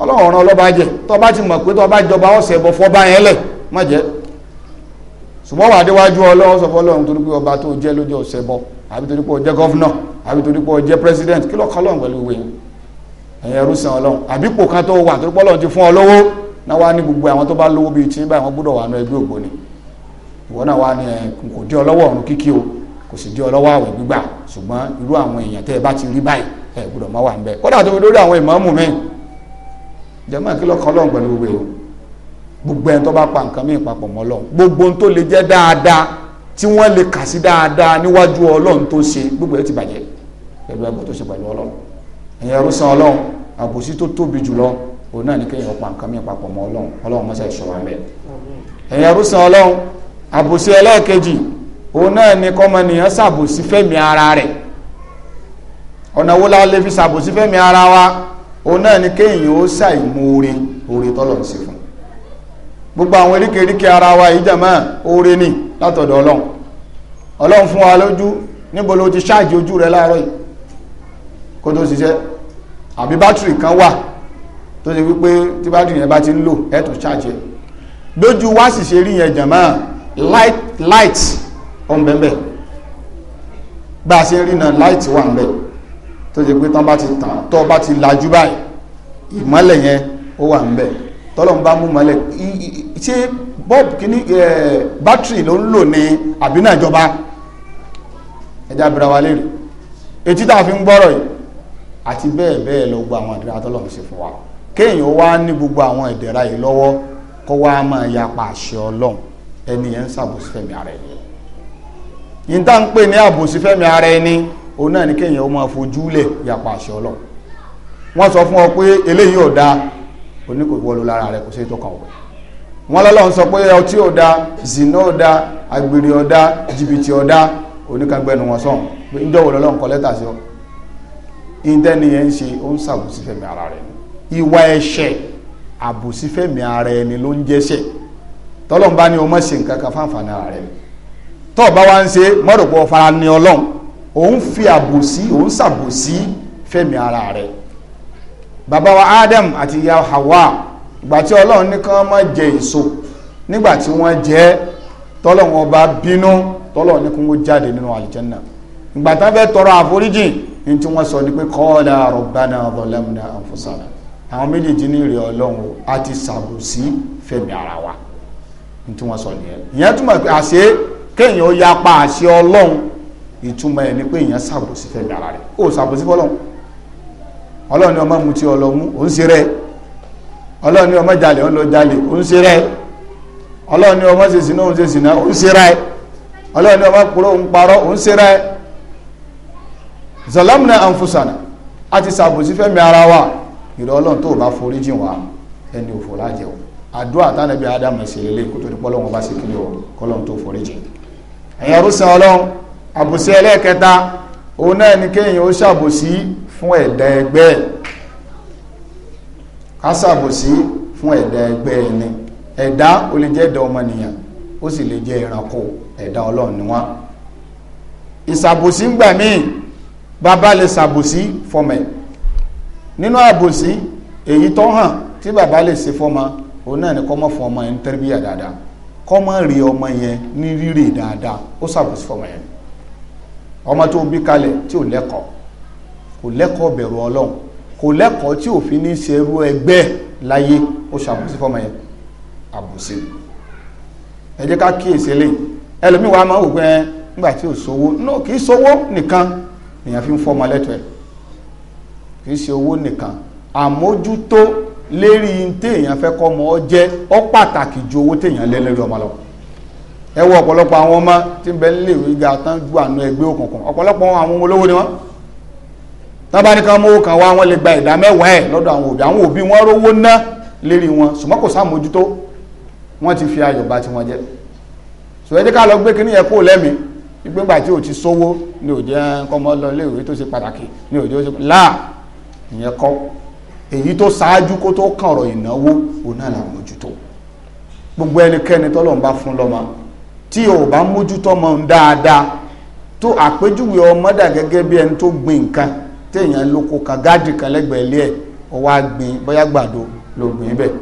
ọlọ́run ọ̀ràn ọlọ́ba jẹ tọba ti mọ̀ pé tọba jọba ọ̀sẹ̀ bọ̀ fọba yẹn lẹ̀ má jẹ́ ṣùgbọ́n wà déwájú ọlọ́run sọ fọlọ́run torí pé ọba tó jẹ́ lójú ọ̀sẹ̀ bọ̀ àbí torí pé ó gọ́fúnà àbí torí pé ó president kí pẹ̀lú ìwé ti fún ọ lówó náà wá ní gbogbo àwọn tó bá lówó bíi tí báyìí wọ́n kò sì di ọlọ́wọ́ àwẹ̀ gbígbà ṣùgbọ́n irú àwọn èèyàn tẹ́ ẹ bá ti rí báyìí ẹ gbọ́dọ̀ má wà ń bẹ kódà tó lórí àwọn ìmáàmù mi jẹ́mọ́ kí lọ́kọ́ lọ́n pẹ̀lú gbogbo èrò gbogbo ẹni tó bá pa nǹkan míì papọ̀ mọ́ lọ gbogbo ohun tó lè jẹ́ dáadáa tí wọ́n lè kà sí dáadáa níwájú ọlọ́run tó ṣe gbogbo ẹ ti bàjẹ́ pẹ̀lú ẹgbẹ́ tó ṣe pẹ̀lú ọlọ́run ẹ̀yẹ rúṣan ọlọ́run àbòsí tó òun náà ni kọ́mọnìyàn ṣàbòsí fẹ́mi ara rẹ̀ ọ̀nà wo la lè fi ṣàbòsí fẹ́mi ara wa òun náà ni kéèyàn ó ṣàìmoore oore tọ́lọ̀ ń ṣe fún gbogbo àwọn eríkèríkè ara wa yìí jàmọ́ oore ni látọ̀dọ̀ ọlọ́run ọlọ́run fún wa lójú níbo ló ti ṣáàjì ojú rẹ láàárọ̀ yìí kó tó ṣiṣẹ́ àbí bátìrì kan wà tó ṣe wípé tí bátìrì yẹn bá ti ń lò ẹ̀ tún ṣáàjì ẹ̀ lójú wa sì ṣe rí yẹn jàmọ́ light light ọ̀n bẹ́ẹ̀ bá a ṣe rí náà láìtì wà ń bẹ̀ tó ṣe pé tán bá ti tàn tó bá ti lajú báyìí ìmọ́lẹ̀ yẹn ó wà ń bẹ̀ tọ́lọ́n bá mú mọ́lẹ̀ ṣé bọ́ọ̀bù kìíní bátìrì ló ń lò ní àbínàjọba ẹja abira wa léèrè etí tá a fi ń gbọ́rọ̀ yìí àti bẹ́ẹ̀ bẹ́ẹ̀ lọ gbọ́ àwọn àdúrà tọ́lọ́run ṣe fún wa kéèyàn wá ní gbogbo àwọn ìdẹ̀ra yìí lọ́wọ́ kó wá máa yapa àṣẹ ọlọ́run ẹni yẹn ń ṣàbòsí ara ẹ̀ yìí tá ń pè ní àbòsí fẹ́mi ara ẹni òun náà ní kéèyàn ó máa fojú lẹ̀ yàpá àṣẹ ọlọ́run wọ́n sọ fún ọ pé eléyìí ò da, òní kò wọlé lára rẹ kò sí tó kàn wọ́n wọ́n lọ́lọ́run sọ pé ọtí ò dáa zina ò dáa agbèrè ò dáa jìbìtì ò dáa oníkangbẹ́nu wọn sọ̀n pé ń dọ̀wọ́ lọ́lọ́run kọ lẹ́tà sí ọ ìdẹ́niyẹn ń ṣe ó ń ṣàbòsí fẹ́mi ara rẹ ìwà ẹ̀ṣẹ̀ àbòsí fẹ́mi ara ẹni ló ń jẹ́ṣẹ̀ tọ́lọ́mbá ni o má ṣe nǹkan kan fáǹfààní ara rẹ ni tó o bá wá ń ṣe mọ́rọ̀pọ̀ fara ní ọlọ́run òun fi àbòsí òun ṣàbòsí fẹ́mi ara rẹ̀ bàbá wa Adam àti ìyá Hawa ìgbà tí ọlọ́run ní kán má jẹ èso nígbà tí wọ́n jẹ tọ́lọ́run ọba bínú tọ́lọ́run ní kún ó jáde nínú àlìjẹ́nà ìgbà tá fẹ́ tọrọ àforíjìn ní tí wọ́n sọ ní pé kọ́ọ̀lá rabbana zalamna anfusana àwọn méjèèjì ní ìrẹ̀ ọlọ́run a ti ṣàbòsí fẹ́mi ara wa ní tí wọ́n sọ nìyẹn ìyẹn túmọ̀ pé àṣẹ kéèyàn ó yapa àṣẹ ọlọ́run ìtumọ̀ ẹ̀ ni pé èèyàn ṣàbòsí fẹ́ dára rẹ̀ o ṣàbòsí fọlọ́run ọlọ́run ni ọmọ mu ọlọ́mú ó ń ṣe ọlọ́run ni ọmọ jalè ó ń lọ jalè ó ń ṣe rẹ̀ ọlọ́run ni ọmọ ṣe sìnà ó ń ó ń ṣe rẹ̀ ọlọ́run ni ọmọ kúrò ń parọ́ ó ń ṣe a ti ṣàbòsí wa ìrọ̀ ọlọ́run tó bá ẹ̀yàn rúsìn ọlọ́run àbòsí ẹlẹ́ẹ̀kẹta òun náà ni kéèyàn ó ṣàbòsí fún ẹ̀dá ẹgbẹ́ ẹ̀ ká ṣàbòsí fún ẹ̀dá ẹgbẹ́ ẹ̀ ni ẹ̀dá ó lè jẹ́ ẹ̀dá ọmọnìyàn ó sì lè jẹ́ ẹranko ẹ̀dá ọlọ́run ni wọ́n ìṣàbòsí ń gbà míì bàbá lè ṣàbòsí fọmẹ̀ nínú àbòsí èyí tó hàn tí bàbá lè ṣe fọmọ òun náà ni kọ́mọ́ fọmọ ẹ̀ ń tẹ́rẹ́bíyà dáadáa kọ́mọ rí ọmọ yẹn ní rírè dáadáa ó ṣàbòsí fọmọ yẹn ọmọ tó bí kalẹ̀ tí ò lẹ́kọ̀ọ́ kò lẹ́kọ̀ọ́ bẹ̀rù ọlọ́run kò lẹ́kọ̀ọ́ tí ò fi ní ṣerú ẹgbẹ́ láyé ó ṣàbòsí fọmọ yẹn àbòsí ẹ jẹ́ ká kíyèsí lè ẹlòmíì wàá máa wò pé nígbà tí ò sówó no kì í sówó nìkan nìyẹn fi ń fọmọ lẹ́tọ̀ọ́ kì í ṣe owó nìkan àmójútó lérí téèyàn fẹ́ kọ́ ọmọ ọ jẹ́ ọ pàtàkì ju owó téèyàn lé lórí ọmọ lọ ẹ wo ọ̀pọ̀lọpọ̀ àwọn ọmọ tí ń bẹ nílé ìwé ga tán ju àánú ẹgbẹ́ òkùnkùn ọ̀pọ̀lọpọ̀ àwọn olówó ni wọ́n tán bá ní kan mówó kan wá wọ́n lè gba ìdá mẹ́wàá ẹ̀ lọ́dọ̀ àwọn òbí àwọn òbí wọn rówó ná lérí wọn ṣùgbọ́n kò sáàmójútó wọ́n ti fi ayọ̀ bá tiwọn jẹ́ sọ ẹ jẹ́ ká lọ gbé kíní yẹn kó lẹ́mìí ìgbégbà tí o ti sówó ni ò jẹ́ kọ́mọ lọ ilé ìwé tó ṣe pàtàkì ni ò jẹ́ ó ṣe láà ìyẹn kọ́ èyí tó ṣáájú kó tó kàn ọ̀rọ̀ ìnáwó òun náà gbogbo ẹnikẹ́ni tọ́lọ́run bá fún lọ́mọ tí o bá mójútó ọmọ ń dáadáa tó àpéjúwe ọmọ dà gẹ́gẹ́ bí ẹni tó gbin nǹkan téèyàn lóko kan gáàdì kan lẹ́gbẹ̀ẹ́ ilé gbin bóyá gbàdo ló gbin bẹ́ẹ̀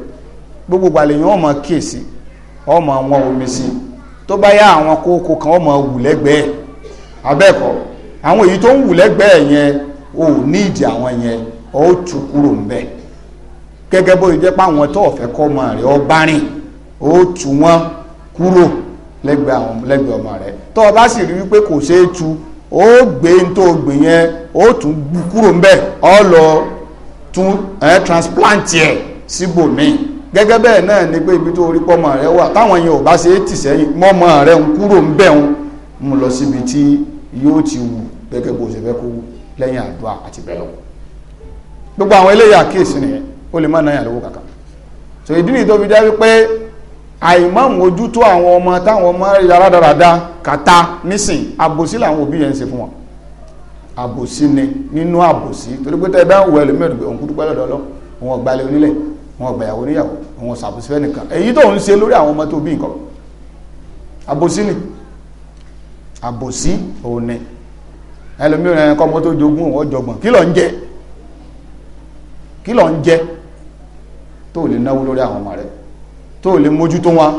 gbogbo gbàlèyàn ọmọ kíyèsí ọmọ wọn omi sí tó bá yá àwọn kókó kan ọmọ wù lẹ́gbẹ̀ẹ́ abẹ́ẹ̀kọ́ àwọn èyí tó ń wù ó tú kúrò ń bẹ gẹ́gẹ́ bó jẹ́ pé àwọn tó ọ̀fẹ́ kọ́ ọmọ rẹ̀ ọ bá rìn ó tú wọn kúrò lẹ́gbẹ̀ẹ́ àwọn lẹ́gbẹ̀ẹ́ ọmọ rẹ̀ tó o bá sì rí wípé kò ṣeé tú ó gbé ń tó gbé yẹn ó tún kúrò ń bẹ ọ lọ tún ẹ transplant yẹ síbòmíì gẹ́gẹ́ bẹ́ẹ̀ náà ni pé ibi tó orí pọ́mọ rẹ wà táwọn yẹn ò bá ṣe é tì sẹ́yìn mọ́mọ rẹ ń kúrò ń bẹ̀ ń mú lọ síbi tí yóò ti wù gẹ́gẹ́ bó ṣe fẹ́ kó wù àdúrà àti bẹ́ẹ̀ lọ gbogbo àwọn eléyà kíyèsí nìyẹn ó lè má náà yàn kàkà so ìdí nìyí tó fi já wípé àìmọ́mójútó àwọn ọmọ táwọn ọmọ yàrá-dáradá kàtá nísìn àbòsí làwọn òbí yẹn ń ṣe fún wọn àbòsí ni nínú àbòsí torí pé tẹ́ẹ̀ bá ń wọ ẹlòmíràn òun kúdú pẹ́ lọ́dọ̀ lọ òun ọ̀gbálẹ̀ onílẹ̀ òun ọ̀gbàyàwó oníyàwó òun ṣàbòsí fẹ́ nìkan èyí tó ń ṣe lórí àwọn ọmọ tó bí nǹkan àbòsí ni àbòsí òun ni ẹlòmíràn ẹ̀kọ́ ọmọ jogún òun ọjọ́gbọ̀n kí ló ń jẹ́ kí ló ń jẹ tó lè náwó lórí àwọn ọmọ rẹ tó lè mójútó wọn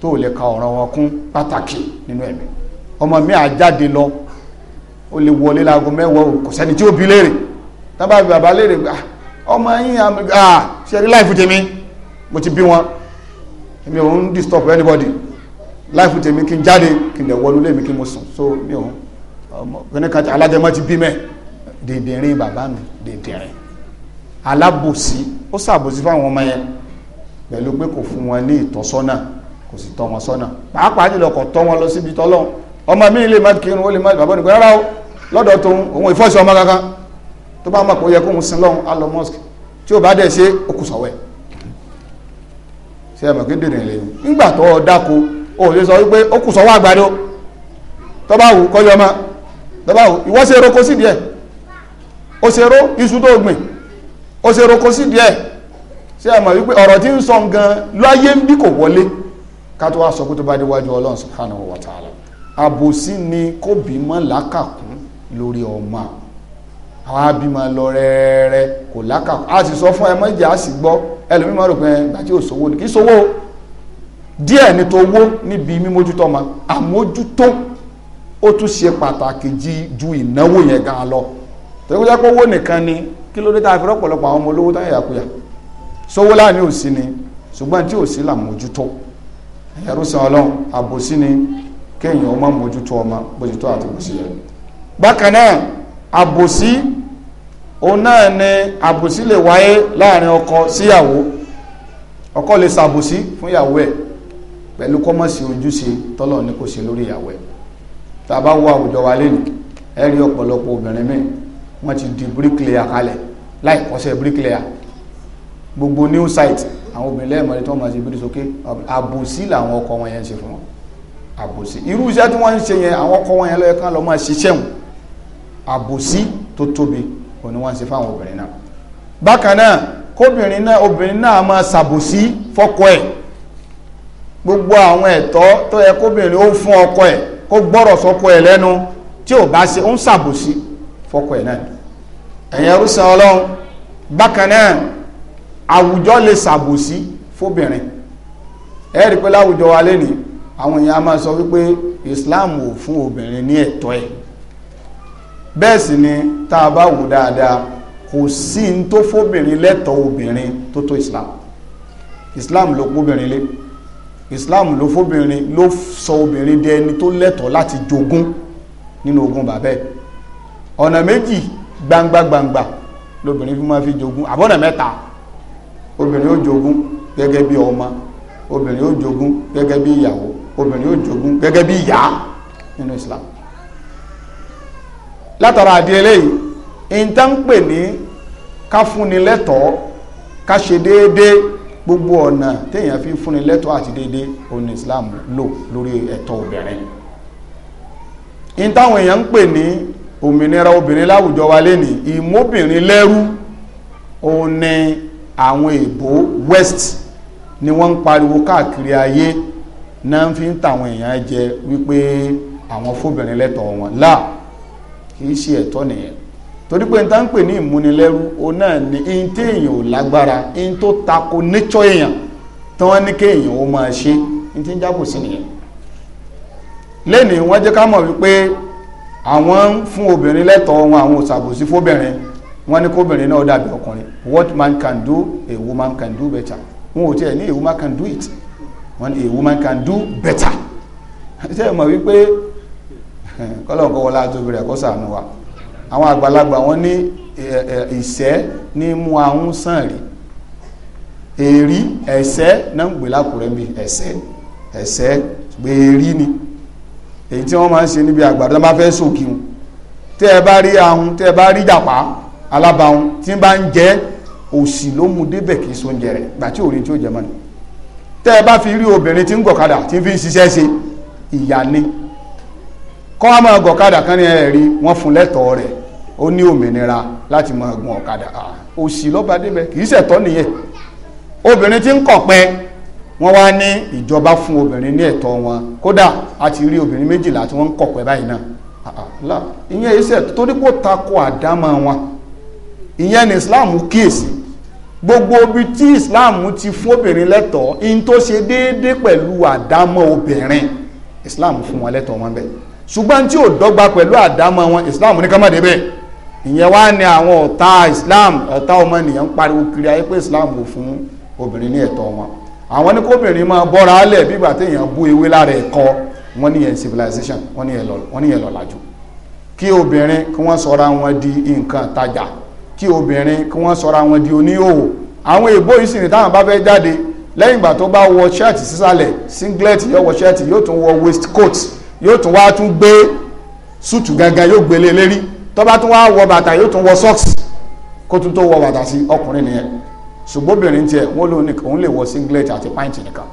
tó lè ka ọ̀ràn wọn kún pàtàkì nínú ẹ̀mí ọmọ mi àjáde lọ ó lè wọlé láago mẹ́wọ́ kò sẹ́ni tí ó bi léèrè tábà bí bàbá léèrè gbà ah, ọmọ yín à ah, ṣe rí láìfù tèmi mo ti bí wọn èmi ò ń disturb anybody láìfù tèmi kí n jáde kí n lè wọlú lèmi kí mo sùn so mi ò ń ọmọ kìnnìkan alájẹmọ́ ti bí mẹ́ dèdèrìn bàbá mi dèdèrìn alábòsí ó ṣàbòsí fáwọn ọmọ yẹn pẹ̀lú pé kò fún wọn ní ìtọ́sọ́nà kò sì tọ́ wọn sọ́nà pàápàá jùlọ kò tọ́ wọn lọ síbi tọ́lọ́ ọmọ mi lè má kírun ó lè má bàbá nìkan rárá o lọ́dọ̀ tó ń òun ìfọ́sọ ọmọ kankan tó bá mọ̀ pé ó yẹ kóun sin lọ́hùn á lọ mọ́sìkì tí ó bá dẹ̀ ṣe ó kù sọ̀wẹ́ ṣe é mọ̀ kí ń dènà ìlẹ́yìn nígbà tó o dáko o lè sọ wípé ó kù sọ̀wọ́ àgbàdo tó bá wù kọ́jọ́ ma tó bá wù ìwọ́ ṣe ro kó sídìí ẹ̀ ó ṣe ro iṣu tó gbìn ó ṣe roko sí díẹ̀ ṣé ẹ mọ̀ wípé ọ̀rọ̀ tí ń sọ gan láyé ń bí kò wọlé ká wá sọ pé tó bá déwájú ọlọ́run subhanahu wa ta'ala àbòsí ni kó bímọ lákàkún lórí ọmọ àwọn abímọ lọ rẹ́rẹ́ kò lákàkún a sì sọ fún ẹ mọ́jà a sì gbọ́ ẹlòmíì máa rò pé ìgbà tí ò sówó ni kì í sówó díẹ̀ ni tó wó níbi mímójútó ọmọ àmójútó ó tún ṣe pàtàkì ju ìnáwó yẹn gan lọ tó yẹ kó wó nìkan ni kí ló dé tá a fi rọ́pọ̀lọpọ̀ àwọn ọmọ olówó tán yàkuyà sówó láàrin òsì ni ṣùgbọ́n tí òsì là mójútó ẹ̀rú san ọlọ́run àbòsí ni kéèyàn ọmọ mójútó ọmọ bójútó àti òsì yẹn bákan náà àbòsí òun náà ni àbòsí lè wáyé láàrin ọkọ síyàwó ọkọ lè ṣàbòsí fún ìyàwó ẹ̀ pẹ̀lú kọ́mọ̀sí ojúṣe tọ́lọ̀ ní kò ṣe lórí ìyàwó ẹ̀ tá a bá wọ àwùjọ wa lẹ́nu ẹ rí ọ̀pọ̀lọpọ̀ obìnrin míì wọ́n ti di bíríkìlì àkálẹ̀ láì kọ́sẹ̀ bricklayer gbogbo new site àwọn obìnrin lẹ́ẹ̀mọ́lẹ́ tí wọ́n máa ṣe bírí sókè àbòsí làwọn ọkọ wọn yẹn ń ṣe fún wọn àbòsí irú iṣẹ́ tí wọ́n ń ṣe yẹn àwọn ọkọ wọn yẹn lọ́yẹ kán lọ máa ṣiṣẹ́ wọn àbòsí tó tóbi òun ni wọ́n ń ṣe fáwọn obìnrin náà bákan náà kóbìnrin náà obìnrin náà máa ṣàbòsí fọ́kọ ẹ̀ gbogbo àwọn ẹ̀tọ́ tó yẹ kóbìnrin ó fún ọkọ ẹ̀ kó gbọ́rọ̀ sọ́kọ ẹ̀ lẹ́nu tí ò bá ṣe ó ń ṣàbòsí fọ́kọ ẹ̀ náà ẹ̀yẹn rúsan ọlọ́run bákan náà àwùjọ lè ṣàbòsí fóbìnrin ẹ̀rí pé láwùjọ wa lẹ́nìí àwọn èèyàn a máa sọ wípé Islam ò fún obìnrin ní ẹ̀tọ́ ẹ̀ bẹ́ẹ̀ sì ni tá a bá wù dáadáa kò sí n tó fóbìnrin lẹ́tọ̀ọ́ obìnrin tó tó Islam Islam ló kóbìnrin lé Islam ló fóbìnrin ló sọ obìnrin di ẹni tó lẹ́tọ̀ọ́ láti jogún nínú ogún bàbẹ́ ọ̀nà méjì gbangba gbangba lóbìnrin fi máa fi jogún àbọ̀nà mẹ́ta obìnrin ó jogún gẹ́gẹ́ bí ọmọ obìnrin ó jogún gẹ́gẹ́ bí ìyàwó obìnrin ó jogún gẹ́gẹ́ bí ìyá nínú Islam látara àdí eléyìí ìta ń pè ní ká fúnni lẹ́tọ̀ọ́ ká ṣe déédéé gbogbo ọ̀nà téèyàn fi fúnni lẹ́tọ̀ọ́ àti déédéé òun Islam lò lórí ẹ̀tọ́ obìnrin ìtawọn èèyàn ń pè ní òmìnira obìnrin láwùjọ wa lénìí ìmóbìnrin lẹ́rú òun ni àwọn èbó west ni wọ́n ń pariwo káàkiri ayé náà fi ń tàwọn èèyàn jẹ wípé àwọn fóbìnrin lẹ́tọ̀ọ́ wọn láà kìí ṣe ẹ̀tọ́ nìyẹn torí pé n ta ń pè ní ìmúnilẹ́rú o náà ni in tí èèyàn ò lágbára in tó tako nítsọ́ èèyàn tí wọ́n ní kéèyàn ó máa ṣe in tí ń jábò sí nìyẹn lẹ́nìí wọ́n jẹ́ ká mọ̀ wípé àwọn ń fún obìnrin lẹ́tọ̀ọ́ wọn àwọn òṣàbòsí fóbìnrin wọn ní kóbìnrin náà dàbí ọkùnrin what man can do a woman can do better wọn ò tiẹ̀ ní a woman can do it wọn a woman can do better ṣé ẹ mọ̀ wípé kọ́lọ́nkọ́ wọlé àtòbí rẹ̀ kó sànù wa àwọn àgbàlagbà wọn ní ìṣẹ́ ní mú ahun sàn rí èrí ẹ̀ṣẹ́ náà ń gbé lákùrẹ́ bí ẹ̀ṣẹ́ ẹ̀ṣẹ́ gbé èrí ni èyí tí wọ́n máa ń ṣe níbi àgbàdo tó bá fẹ́ sòkì tẹ́ ẹ bá rí ahun tẹ́ ẹ bá rí jàpá alábàáhun tí bá ń jẹ òsì ló mu débẹ̀ kì í so oúnjẹ rẹ̀ gbà tí òrin tí ó jẹ mọ́ ni tẹ́ ẹ bá fi rí obìnrin tí ń gọ̀kadà tí ń fi ń ṣiṣẹ́ ṣe ìyá ni kọ́ á máa gọ̀kadà kan ní ẹ̀rí wọ́n fún lẹ́tọ̀ọ́ rẹ̀ ó ní òmìnira láti máa gun ọ̀kadà òsì lọ́ba débẹ̀ kì í ṣẹ̀tọ́ nìyẹn obìnrin tí ń kọ̀pẹ́ wọ́n wá ní ìjọba fún obìnrin ní ẹ̀tọ́ wọn kódà a ti rí obìnrin méjìlá tí wọ́n ń kọ̀pẹ́ báyìí náà ah, ah, ìyẹn iṣẹ́ torí kò takò àdámọ́ wọn ìyẹn ni Islam kíyèsí gbogbo ibi tí Islam ti fún obìnrin lẹ́tọ̀ọ́ in tó ṣe déédé pẹ̀lú àdámọ́ obìnrin Islam fún wọn lẹ́tọ̀ọ́ wọn bẹ́ẹ̀ ṣùgbọ́n tí ò dọ́gba pẹ̀lú àdámọ́ wọn Islam ní ká má débẹ̀ ìyẹn wá ní àwọn ọ̀tá Islam ọ̀tá ọmọnìyàn ń pariwo kiri ayé pé Islam ò fún obìnrin ní ẹ̀tọ́ wọn àwọn ní kóbìnrin máa bọ́ra alẹ̀ bígbà téèyàn bú ewé lára ẹ̀kọ wọ́n ní yẹn civilization wọ́n ní yẹn lọ́làjú kí obìnrin kí wọ́n sọra wọn di nǹkan tajà kí obìnrin kí wọ́n sọra wọn di oníhòòhò àwọn èèbó yìí sì ní táwọn bá fẹ́ jáde lẹ́yìn ìgbà tó bá wọ ṣẹ́ẹ̀tì sísàlẹ̀ singlet yóò wọ ṣẹ́ẹ̀tì yóò tún wọ waistcoat yóò tún wá tún gbé súùtù gangan yóò gbélé e lérí tó bá tún wá wọ bàtà yóò tún wọ socks kó tún tó wọ bàtà sí ọkùnrin nìyẹn ṣùgbọ́n obìnrin tiẹ̀ wọ́n lòun nìkan òun lè wọ singlet àti pint nìkan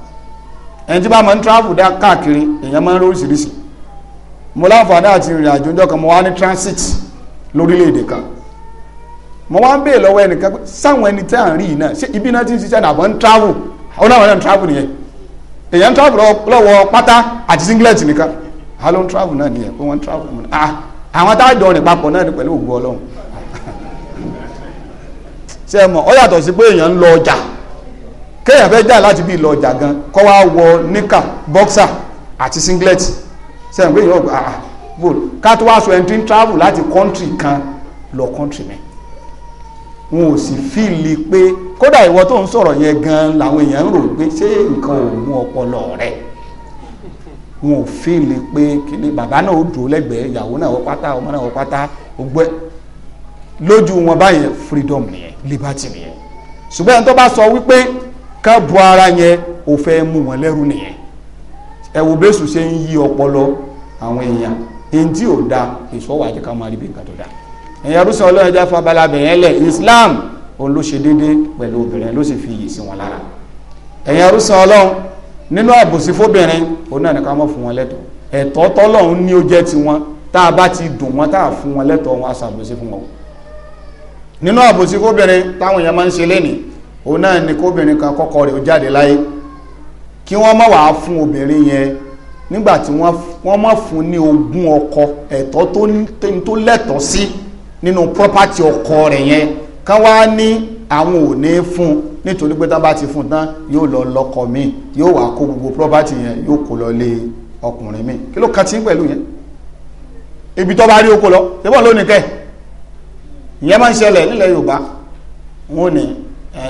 ẹni tí bá máa ń travel dá káàkiri èèyàn máa ń lóríṣiríṣi mo láǹfààní àti ìrìn àjò ńjọ́ kan mo wá ní transit lórílẹ̀‐èdè kan mo wá ń béè lọ́wọ́ ẹnìkan pé sáwọn ẹni tí à ń rí yìí náà ṣé ibi náà ti ń ṣiṣẹ́ nàbọ̀ ń travel àwọn náà ń travel nìyẹn èèyàn ń travel lọ́wọ́ pátá àti singlet nìkan àwọn ń travel náà nìyẹn pé wọ́n ń travel náà ah, àwọn táàjọ rìn papọ̀ náà ni pẹ̀lú òògùn ọlọ́run sẹ́mọ̀ ọ yàtọ̀ sí pé èèyàn ń lọ ọjà kéèyàn fẹ́ jà láti bí lọ ọjà gan kọ́ wọ níkà bọksa àti singlet sẹ́mọ̀ pé èèyàn ọgbà ah, bòl ká tó wá ẹni tí travel láti country kan lọ country mi wọn ò sì fíìlì pé kódà ìwọ gan làwọn èèyàn ń rò pé ṣé nǹkan ò ọpọlọ wọn ò fíìlì pé kí ni bàbá náà ó lẹ́gbẹ̀ẹ́ ìyàwó náà pátá ọmọ lójú wọn báyẹn freedom nìyẹn liberty nìyẹn ṣùgbọ́n ẹni tó bá sọ wípé ká bu ara yẹn ò fẹ́ mú wọn lẹ́rú nìyẹn ẹ̀wù bẹ́sù ṣe ń yí ọpọlọ àwọn èèyàn èyí tí ò da ìṣọwọ́ àti ká máa rí tó da ẹ̀yìn arúsàn ọlọ́run ẹja fabala bẹ̀yẹn lẹ̀ Islam òun ló ṣe déédé pẹ̀lú obìnrin ló sì fi iyì sí wọn lára ẹ̀yìn arúsàn ọlọ́run nínú àbòsí fóbìnrin òun náà ní ká mọ̀ fún wọn lẹ́tọ̀ọ́ ẹ̀tọ́ tọ́lọ́run ní ó jẹ́ tiwọn tá a bá ti dùn wọn tá a fún wọn lẹ́tọ̀ọ́ wọn aṣàbòsí fún wọn nínú àbòsí kóbìnrin táwọn èèyàn máa ń ṣe lẹ́ni òun náà ni kóbìnrin kan kọ́kọ́ rẹ̀ ó jáde láyé kí wọ́n má wàá fún obìnrin yẹn nígbà tí wọ́n má fún ní ogún ọkọ ẹ̀tọ́ tó lẹ́tọ̀ọ́ sí nínú property ọkọ rẹ̀ yẹn kán wá ní àwọn ò ní fún nítorí pé tá bá ti fún tán yóò lọ lọ́kọ mi yóò wá kó gbogbo property yẹn yóò kó lọ lé ọkùnrin mi kí ló kàn tí pẹ̀lú yẹn ibi tó bá rí oko lọ ṣé bọ́ọ̀ lónìí kẹ́ẹ̀ ìyẹn máa ń ṣẹlẹ̀ nílẹ̀ Yorùbá wọn ò ní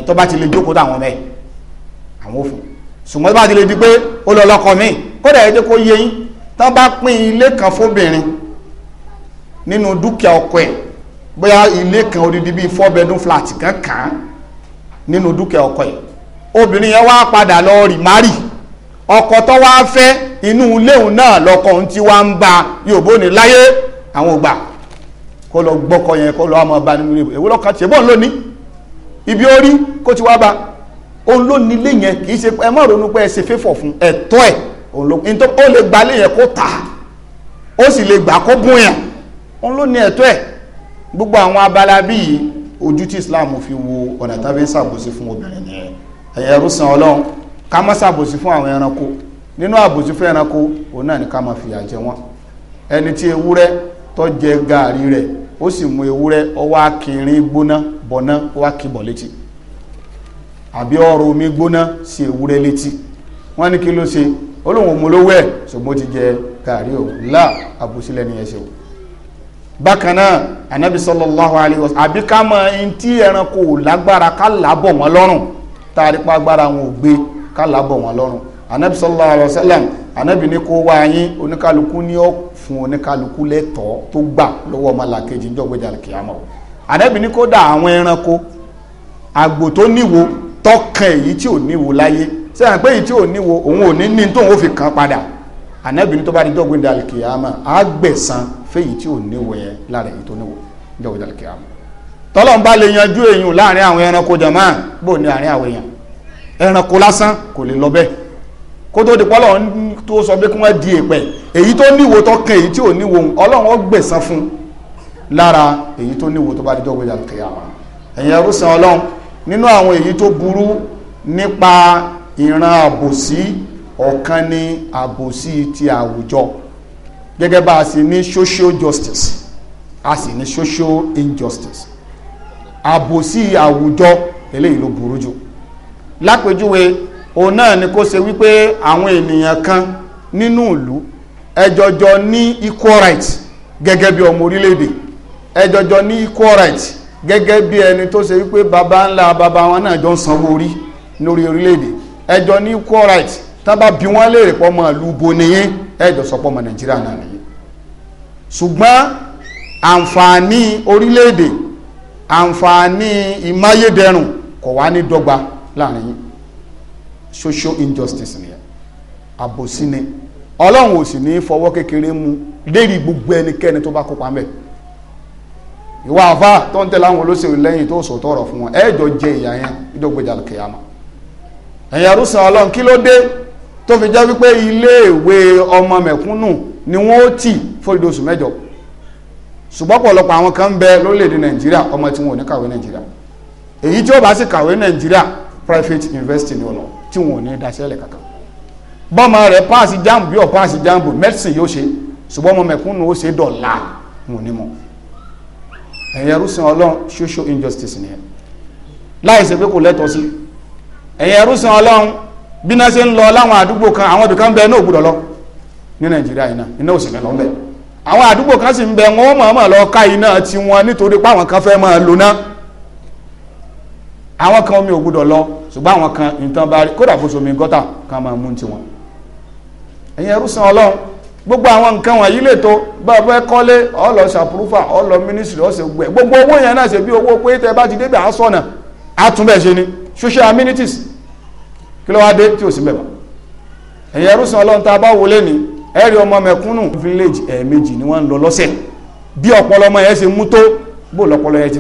tó bá ti lè jókòó táwọn bẹ́ẹ̀ àwọn òfin ṣùgbọ́n tó bá ti lè di pé ó lọ lọ́kọ mi kódà ẹ jẹ́ kó yé yín tán bá pín ilé kan fóbìnrin nínú dúkìá ọkọ ẹ̀ bóyá ilé kan odidi bíi four flat kan kàn nínú dúkìá ọkọ ẹ̀ obìnrin yẹn wá padà lọ rì márì ọkọ tó wá fẹ́ inú léhùn náà lọkọ ohun tí wá ń ba Yorùbá ní láyé àwọn ògbà kó lọ gbọ́kọ yẹn kó lọ àmọ́ bá nínú ilé ìwé lọ́kàn tiẹ̀ bọ́ọ̀ lónìí ibi orí kó ti wá bá òun ló nílé yẹn kì í ṣe ẹ má ronú pé ẹ ṣe fẹ́fọ̀ fún ẹ̀tọ́ ẹ̀ òun ló ní tó ó lè gba ilé yẹn kó tà ó sì lè gbà kó bún yàn òun ló ní ẹ̀tọ́ ẹ̀ gbogbo àwọn abala bíi ojú tí Islam fi wo ọ̀nà tàbí ṣàbòsí fún obìnrin nìyẹn ẹ̀yẹrú san ọlọ́run ká má ṣàbòsí fún àwọn ẹranko nínú àbòsí fún ẹranko òun náà ni ká má fìyà jẹ wọn ẹni tí ewúrẹ́ tó jẹ rẹ̀ ó sì mú ewúrẹ́ ọwọ́ akìnrin gbóná bọ̀ná ó wá kìbọ̀ létí àbí ọrọ̀ omi gbóná sí ewúrẹ́ létí wọ́n ní kí ló ṣe olóhùn mú lówó ẹ̀ ṣùgbọ́n ti jẹ gàrí o là àbúsílẹ̀ ní ẹsẹ̀ o bákan náà anabi sallallahu alayhi wa sallam àbí ká mọ ẹni tí ẹranko lágbára ká làbọ̀ wọn lọ́rùn tàrípa agbára wọn ò gbé ká làbọ̀ wọn lọ́rùn anabi sallallahu alayhi wa sallam anabi ní kó wá yín ní ọkọ̀ fún oníkálukú lẹ́tọ̀ọ́ tó gbà lọ́wọ́ ọmọlàkejì níjọ́gbẹ́jà kìámọ̀ ànábì ní kódà àwọn ẹranko àgbò tó níwo tọkàn èyí tí ò níwo láyé sẹ́yìn pé èyí tí ò níwo òun ò ní ní tóun ó fi kàn padà ànábì ní tó bá di jọ́gbẹ́jà kìámọ̀ á gbẹ̀san fèyí tí ò níwo yẹn lára èyí tó níwo níjọ́gbẹ́jà kìámọ̀ tọ́lọ́n bá lè yanjú èyàn láàrin àwọn ẹranko jàmáà bò ní àárín àwọn èèyàn ẹranko lásán kò lè lọ bẹ́ẹ̀ kó tó di pọ́lọ́ tó sọ pé kí wọ́n di èpẹ̀ èyí tó níwo tó kan èyí tí ò níwo ọlọ́run ó gbẹ̀san fún lára èyí tó níwo tó bá di dọ́gbẹ́ yàrá kẹyàmá ẹ̀yìn ẹrúsàn ọlọ́run nínú àwọn èyí tó burú nípa ìran àbòsí ọ̀kan ni àbòsí ti àwùjọ gẹ́gẹ́ bá a sì ní social justice a sì ní social injustice àbòsí àwùjọ eléyìí ló burú jù lápèjúwe òun náà ni kó ṣe wípé àwọn kan nínú ìlú ẹjọjọ ní equal right gẹ́gẹ́ bí ọmọ orílẹ̀-èdè ẹjọjọ ní equal gẹ́gẹ́ bí ẹni baba ńlá baba wọn náà jọ ń sanwó orí lórí orílẹ̀-èdè ẹjọ ní equal right tán bí wọ́n léèrè pọ́ mọ́ ìlú bo nìyẹn ẹjọ sọ pọ́ nàìjíríà náà nìyẹn ṣùgbọ́n àǹfààní social injustice nìyẹn àbòsí ni ọlọ́run ò sì ní fọwọ́ kékeré mú lérí gbogbo ẹnikẹ́ni tó bá kópa mẹ́ ìwà àfà tó ń tẹ̀lé àwọn olóṣèlú lẹ́yìn tó sòtọ́ ọ̀rọ̀ fún wọn ẹ̀ẹ́dọ̀ jẹ ìyá yẹn ìdógbèjà kìyàmà ẹ̀yìn arúsàn ọlọ́run kí ló dé tó fi jẹ́ wípé iléèwé ọmọ mẹ̀kúnnù ni wọ́n ó tì fórídìí oṣù mẹ́jọ ṣùgbọ́n pọ̀lọpọ̀ àwọn kan ń bẹ lórílẹ̀‐èdè nàìjíríà ọmọ tí wọn ò ní kàwé nàìjíríà èyí tí ó bá sì kàwé nàìjíríà private university ni ọ̀nà tí wọn ò ní daṣẹ́ lẹ̀ kankan bọ́mọ rẹ̀ páàsì jáàmù bí ọ̀ páàsì jáàmù mẹ́tìsìn yóò ṣe ṣùgbọ́n ọmọ ó ṣe dọ̀la wọn ò ní mọ̀ ọlọ́run social injustice láì ṣe kò lẹ́tọ̀ọ́ sí ọlọ́run ń lọ láwọn àdúgbò kan àwọn ibìkan bẹ náà gbúdọ̀ lọ ní nàìjíríà iná iná ò sì àwọn àdúgbò kan sì ń bẹ wọn mọ̀ọ́mọ̀ ṣùgbọ́n àwọn kan nǹkan bá rí kódà somi gọ́tà kan máa mú tiwọn ẹ̀yin ọlọ́run gbogbo àwọn nǹkan wọ̀nyí lè tó bá ọ fẹ́ kọ́lé ọ ṣàpúrúfà ọ gbẹ gbogbo owó yẹn náà ṣe bí owó pé tẹ bá ti débẹ̀ ni social amenities kí ló wá dé tí ẹ̀yin ni ọmọ village ni wọ́n ń lọ lọ́sẹ̀ bí yẹn ṣe mú tó bó ti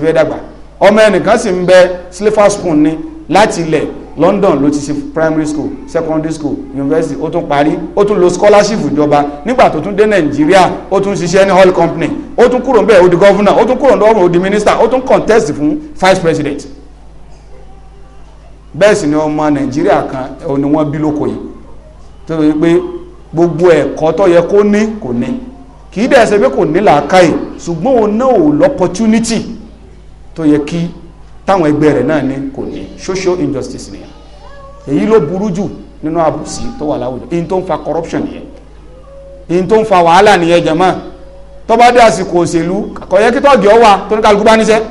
fẹ́ láti ilẹ̀ London ló ti ṣe primary school secondary school university ó tún parí ó tún lo scholarship ìjọba nígbà tó tún dé Nàìjíríà ó tún ṣiṣẹ́ ní oil company ó tún kúrò níbẹ̀ ó di governor ó tún kúrò níbẹ̀ ó di minister ó tún contest fún vice president bẹ́ẹ̀ sì ni ọmọ Nàìjíríà kan ẹ̀ ni wọ́n bí lóko yìí tó yẹ pé gbogbo ẹ̀kọ́ tó yẹ kó ní kò ní kì í dẹ̀ ṣe pé kò ní làákàyè ṣùgbọ́n òun náà ò lọ́pọ̀tunity tó yẹ kí táwọn ẹgbẹ́ rẹ̀ náà ní kò ní social injustice nìyẹn èyí ló burú jù nínú àbùsí tó wà láwùjọ èyí tó ń fa corruption nìyẹn èyí tó ń fa wàhálà nìyẹn jẹ̀mọ́ tó bá dé àsìkò òṣèlú kò yẹ kí tọ́ọ̀gì ọ wà tó ní kálukú bá níṣẹ́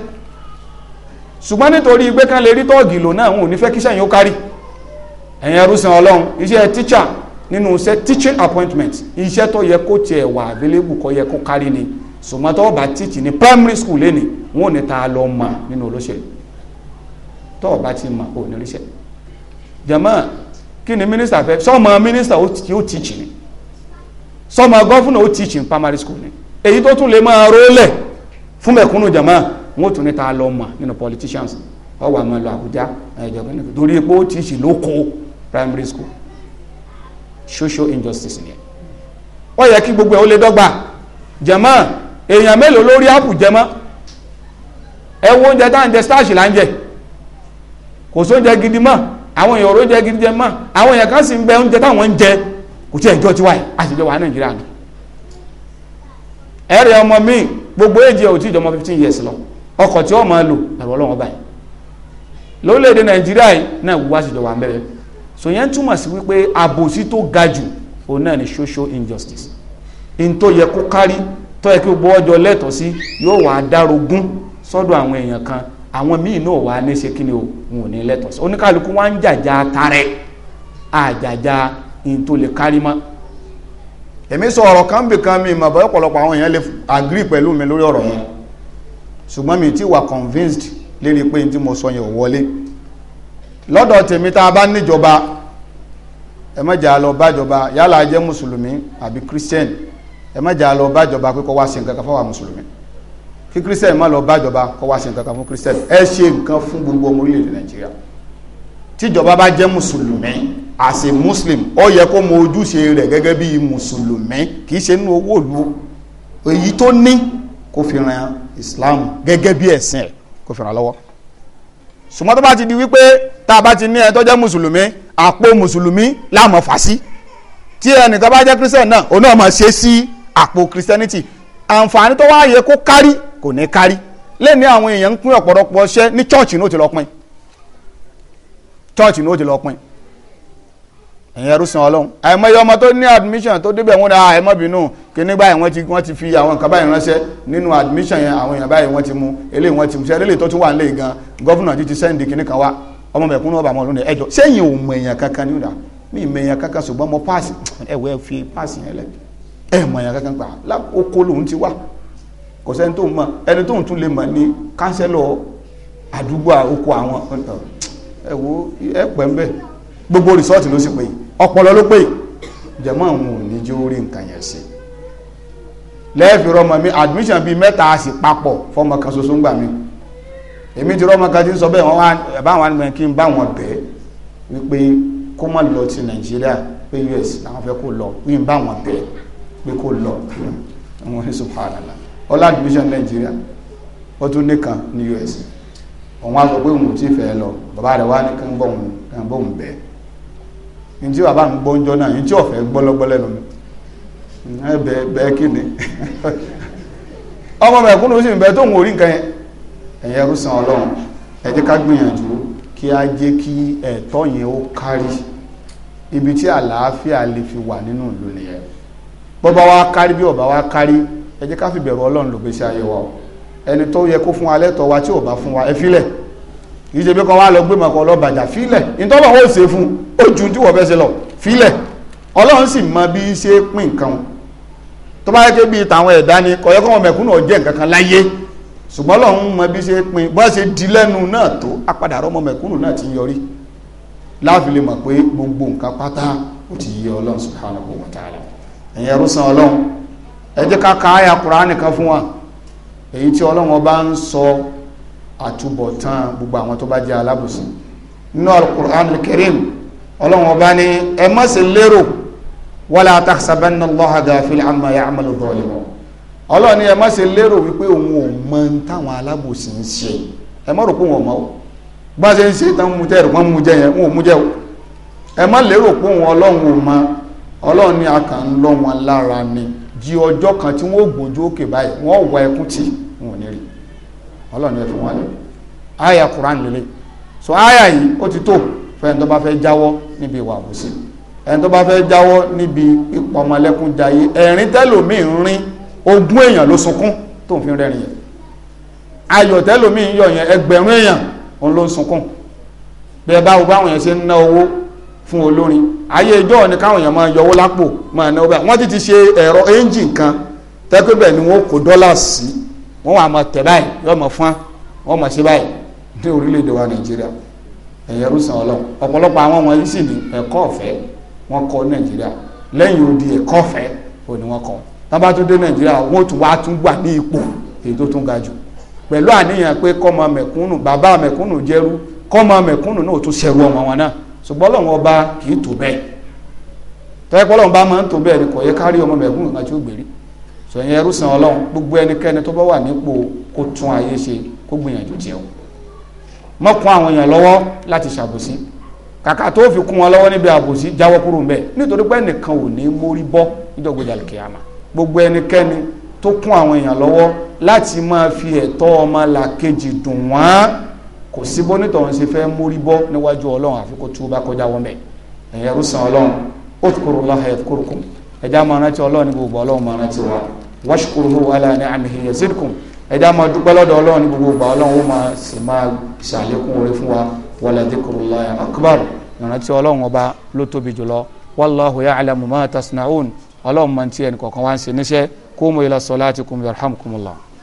ṣùgbọ́n nítorí pé kán lè rí tọ́ọ̀gì lò náà òun ò ní fẹ́ kíṣẹ́ yín ó kárí ẹ̀yin ẹrúsìn ọlọ́run iṣẹ́ teacher nínú iṣẹ́ teaching appointment iṣẹ́ tó yẹ kó tiẹ̀ wà available kó yẹ kó kárí ni ṣùgbọ́n tó bá teach ní primary school lẹ́ni wọn ò ní ta lọ́ọ́ mọ̀ nínú olóṣèlú tó o bá ti mọ̀ ò ní oríṣẹ́ jẹ̀mọ́ kí ni mínísítà fẹ́ sọ́mọ mínísítà ó teaching ni sọ́mọ gọ́fúnà ó teaching primary school ni èyí tó tún lè máa rólẹ̀ fún mẹ̀kúnnù jẹ̀mọ́ wọn ò tún ní ta lọ mọ̀ nínú politicians ọwọ́ àmọ́ lọ Àbújá ẹ̀jọ̀gbẹ́ nìkan torí pé ó teaching ló kó primary school social injustice ni ó yẹ kí gbogbo ẹ̀ ó lè dọ́gba jẹ̀mọ́ èèyàn mélòó lórí áàpù jẹ̀mọ́ ẹ wo oúnjẹ tá à starch là ń jẹ kò sóúnjẹ gidi mọ́ àwọn èèyàn oróúnjẹ gidi jẹ mọ́ àwọn èèyàn kan sì ń bẹ oúnjẹ táwọn ń jẹ kò tí jọ tiwa yìí nàìjíríà ọmọ mi gbogbo èjì ò tí fifteen years lọ ọkọ̀ tí wọ́n máa lò ẹ̀rọ ọlọ́wọ́n báyìí lórílẹ̀‐èdè nàìjíríà yìí náà so túmọ̀ sí wípé àbòsí tó ga jù òun àwọn míì náà wà ní ṣe kíni o wọn ò ní lẹ́tọ̀ọ́sí oníkálukú wa ń jàjà tarẹ̀ àjàjà ní tó lè kárí mọ́. èmi sọ ọ̀rọ̀ kan bì kan mi ìmọ̀ bọ́ ọ̀pọ̀lọpọ̀ àwọn èèyàn lè agree pẹ̀lú mi lórí ọ̀rọ̀ yẹn ṣùgbọ́n mi ti wà convinced lérí pé n tí mo sọ yẹn ò wọlé lọ́dọ̀ tèmi tá a bá níjọba ẹ má lọ bájọba yálà jẹ́ mùsùlùmí àbí christian ẹ má jà lọ bájọba pé kó wá sí nǹkan kan fáwọn mùsùlùmí kí christian má lọ bá ìjọba kọ́ wá ṣe nǹkan kan fún christian ẹ ṣe nǹkan fún gbogbo ọmọ orílẹ̀-èdè nàìjíríà tíjọba bá jẹ́ mùsùlùmí as a muslim ó yẹ kó mọ ojúṣe rẹ̀ gẹ́gẹ́ bí mùsùlùmí kì í ṣe nínú owó ìlú èyí tó ní kó fi ran islam gẹ́gẹ́ bí ẹ̀sìn ẹ̀ kó fi ran lọ́wọ́ sùmọ́ tó bá ti di wípé tá a bá ti ní ẹ tó jẹ́ mùsùlùmí àpò mùsùlùmí láàmú fàásì tí ẹnìkan bá jẹ́ christian náà òun náà máa ṣe sí àpò christianity àǹfààní tó wáyé kó kárí kò ní kárí lẹ́ni àwọn èèyàn ń pín ọ̀pọ̀lọpọ̀ ṣẹ́ ní chọ́ọ̀chì ní ó ti lọ pín chọ́ọ̀chì ní ó ti lọ pín ẹ̀yin ẹrú san ọlọ́run àìmọye ọmọ tó ní admission tó débẹ̀ wọn dáa àìmọ́ bínú kíní báyìí wọ́n ti wọ́n ti fi àwọn nǹkan báyìí ránṣẹ́ nínú admission yẹn àwọn èèyàn báyìí wọ́n ti mú eléyìí wọ́n ti mú sẹ́ẹ́lẹ́lẹ́ tó tún wà nílé gan gọ́fúnà ti ti sẹ́ǹdì kíní kan wá ọmọ mẹ̀kúnnú ọba àwọn ọdún ẹjọ́ sẹ́yìn ò mọ èèyàn kankan níwọ̀n mi mọ èèyàn kankan ṣùgbọ́n mo paasi ẹ̀wẹ̀ fi paasi yẹn lẹ ẹ̀ mọ èèyàn kankan gbà okó kò sẹ́ni tó mọ̀ ẹni tó ń tún lè mọ̀ ní kánsẹ́lọ̀ àdúgbò oko àwọn ẹ wo ẹ pẹ́ ń bẹ̀ gbogbo rìsọ́ọ̀tì ló sì pé ọpọlọ ló pé jẹ̀mọ́ àwọn ò ní jẹ́ orí nǹkan yẹn sí lẹ́ẹ̀fì rọmọ mi admission bíi mẹ́ta a sì papọ̀ fọmọ kan ṣoṣo ń gbà mí èmi ti rọmọ kan ti ń sọ bẹ́ẹ̀ wọ́n wá báwọn àgbẹ̀ kí n bá wọn bẹ́ẹ̀ wípé kó má lọ ti nàìjíríà pé us làwọn fẹ́ kó lọ wí n bá wọn bẹ́ẹ̀ pé kó lọ wọn ní subhanallah ó lá admission Nàìjíríà ó tún US òun á sọ tí fẹ́ lọ bàbá rẹ̀ ní kí n bọ̀ òun bàbá mi náà ní ọ̀fẹ́ bẹ́ẹ̀ bẹ́ẹ̀ kí ni ọmọ sí ẹ jẹ́ ká fi bẹ̀rù ọlọ́run lò gbèsè ayé wa ẹni tó yẹ kó fún wa lẹ́tọ̀ọ́ wa tí ò bá fún wa ẹ filẹ̀ kì í ṣe pé kọ́ wa lọ gbé mọ̀kọ́ ọlọ́bàjá filẹ̀ ìtọ́bà ó ṣe fún ó ju tí wọ́n fẹ́ ṣe lọ filẹ̀ ọlọ́run sì mọ bí ṣe pín nǹkan tó bá yẹ kí bíi tàwọn ẹ̀dá ni wọn ọ̀jẹ̀ nǹkan kan láyé ṣùgbọ́n ọlọ́run mọ bí ṣe pín bá ṣe di lẹ́nu ẹ jẹ́ ká ka àyà kùránì kan fún wa èyí tí ọlọ́run bá ń sọ àtúbọ̀tán gbogbo àwọn tó bá jẹ́ alábòsí nínú alukur'an karim ọlọ́run ọba ní ẹ má ṣe lérò wala tahsabanna Allaha ghafilan amma ya'malu dhalimun ọlọ́run ní ẹ má ṣe lérò wípé òun ò mọ táwọn alábòsí ń ṣe ẹ má rò pé wọn mọ́ o bá ṣe ń ṣe tán mú tẹ́ ẹ̀rù mú jẹ yẹn wọn ò mú jẹ o ẹ má lérò pé òun ọlọ́run ò mọ ọlọ́run ní a kàn lára ni di ọjọ́ kan tí wọ́n gbójú òkè báyìí wọ́n wọ ẹkún tì wọn ò ní rí ọlọ́run ẹ̀ wọn lẹ àyà Quran lélẹ̀ so àyà yìí ó ti tó fẹ́ni tó bá fẹ́ jáwọ́ níbi ìwà àbòsí ẹni tó bá fẹ́ jáwọ́ níbi ipò ọmọlẹ́kún jayé ẹ̀rín tẹ́lòmíì ń rín ogún èèyàn ló sunkún tó ń fi rẹ́rìn yẹn ayọ̀ tẹ́lòmíì ń yọ̀ yẹn ẹgbẹ̀rún èèyàn ló ń sunkún bẹ́ẹ̀ báwo báwọn yẹn ṣe ń ná owó fún olórin ayé ìjọ ni káwọn èèyàn máa yọwọ́ lápò máa náwó bẹ́ẹ̀ wọ́n ti ti ṣe ẹ̀rọ engine kan tẹ́pẹ́ bẹ́ẹ̀ ni wọ́n kó dọ́là sí wọ́n wà máa tẹ̀ báyìí yọ máa fún wọn máa ṣe báyìí ní orílẹ̀-èdè wa nàìjíríà ẹ̀yẹ rúṣàn ọlọ́run ọ̀pọ̀lọpọ̀ àwọn ọmọ yìí sì ní ẹ̀kọ́ ọ̀fẹ́ wọn kọ́ nàìjíríà lẹ́yìn odi ẹ̀kọ́ ọ̀fẹ́ ò wọn kọ́ tábà tún dé nàìjíríà wọn tún wá tún wà ní ipò èyí tó tún ga jù pẹ̀lú àníyàn pé kọ́mọ mẹ̀kúnnù bàbá mẹ̀kúnnù jẹ́rú kọ́mọ mẹ̀kúnnù náà tún ṣẹ̀rú ọmọ wọn náà ṣùgbọ́n Ọlọ́run ọba kì í tó bẹ́ẹ̀ tẹ́kọ́ Ọlọ́run bá máa ń tó bẹ́ẹ̀ ni kò yẹ kárí ọmọ mẹ̀kún kankan tí ó gbèrí sọ̀yìn ẹrú san Ọlọ́run gbogbo ẹnikẹ́ni tó bá wà nípò kó tún ayé ṣe kó gbìyànjú tiẹ̀ o mọ́kún àwọn èèyàn lọ́wọ́ láti ṣàbòsí kàkà tó fi kún wọn lọ́wọ́ níbi àbòsí jáwọ́ kúrò ń bẹ̀ nítorí pé ẹnìkan ò ní mórí bọ́ nídọ̀gbẹ́dàlùkẹ́ àmà kò sí bọ́nítọ̀ ń ṣe fẹ́ mórí bọ́ níwájú ọlọ́run àfi kó túbá kọjá wọn bẹ̀ ẹ̀yẹ rúsan ọlọ́run ó ti kúrò lọ́hà ẹ̀ kúrò kù ẹ̀dá máa rántí ọlọ́run ní gbogbo ọlọ́run máa rántí wa wáṣukúrò ló wà láàrin àmì ìyẹn sídìkùn ẹ̀dá máa dúpẹ́ lọ́dọ̀ ọlọ́run ní gbogbo ọgbà ọlọ́run ó máa sì máa ṣàlékún orí fún wa wàlá dìkùrò lọ́hà akbar ìrántí ọlọ́run ọba ló tóbi jùlọ wàlláhu ya'lamu ma tasna'un ọlọ́run máa ń tiẹ̀ nìkọ̀ọ̀kan wá ń ṣe níṣẹ́ kó mo ila salatikum yarhamkumullah.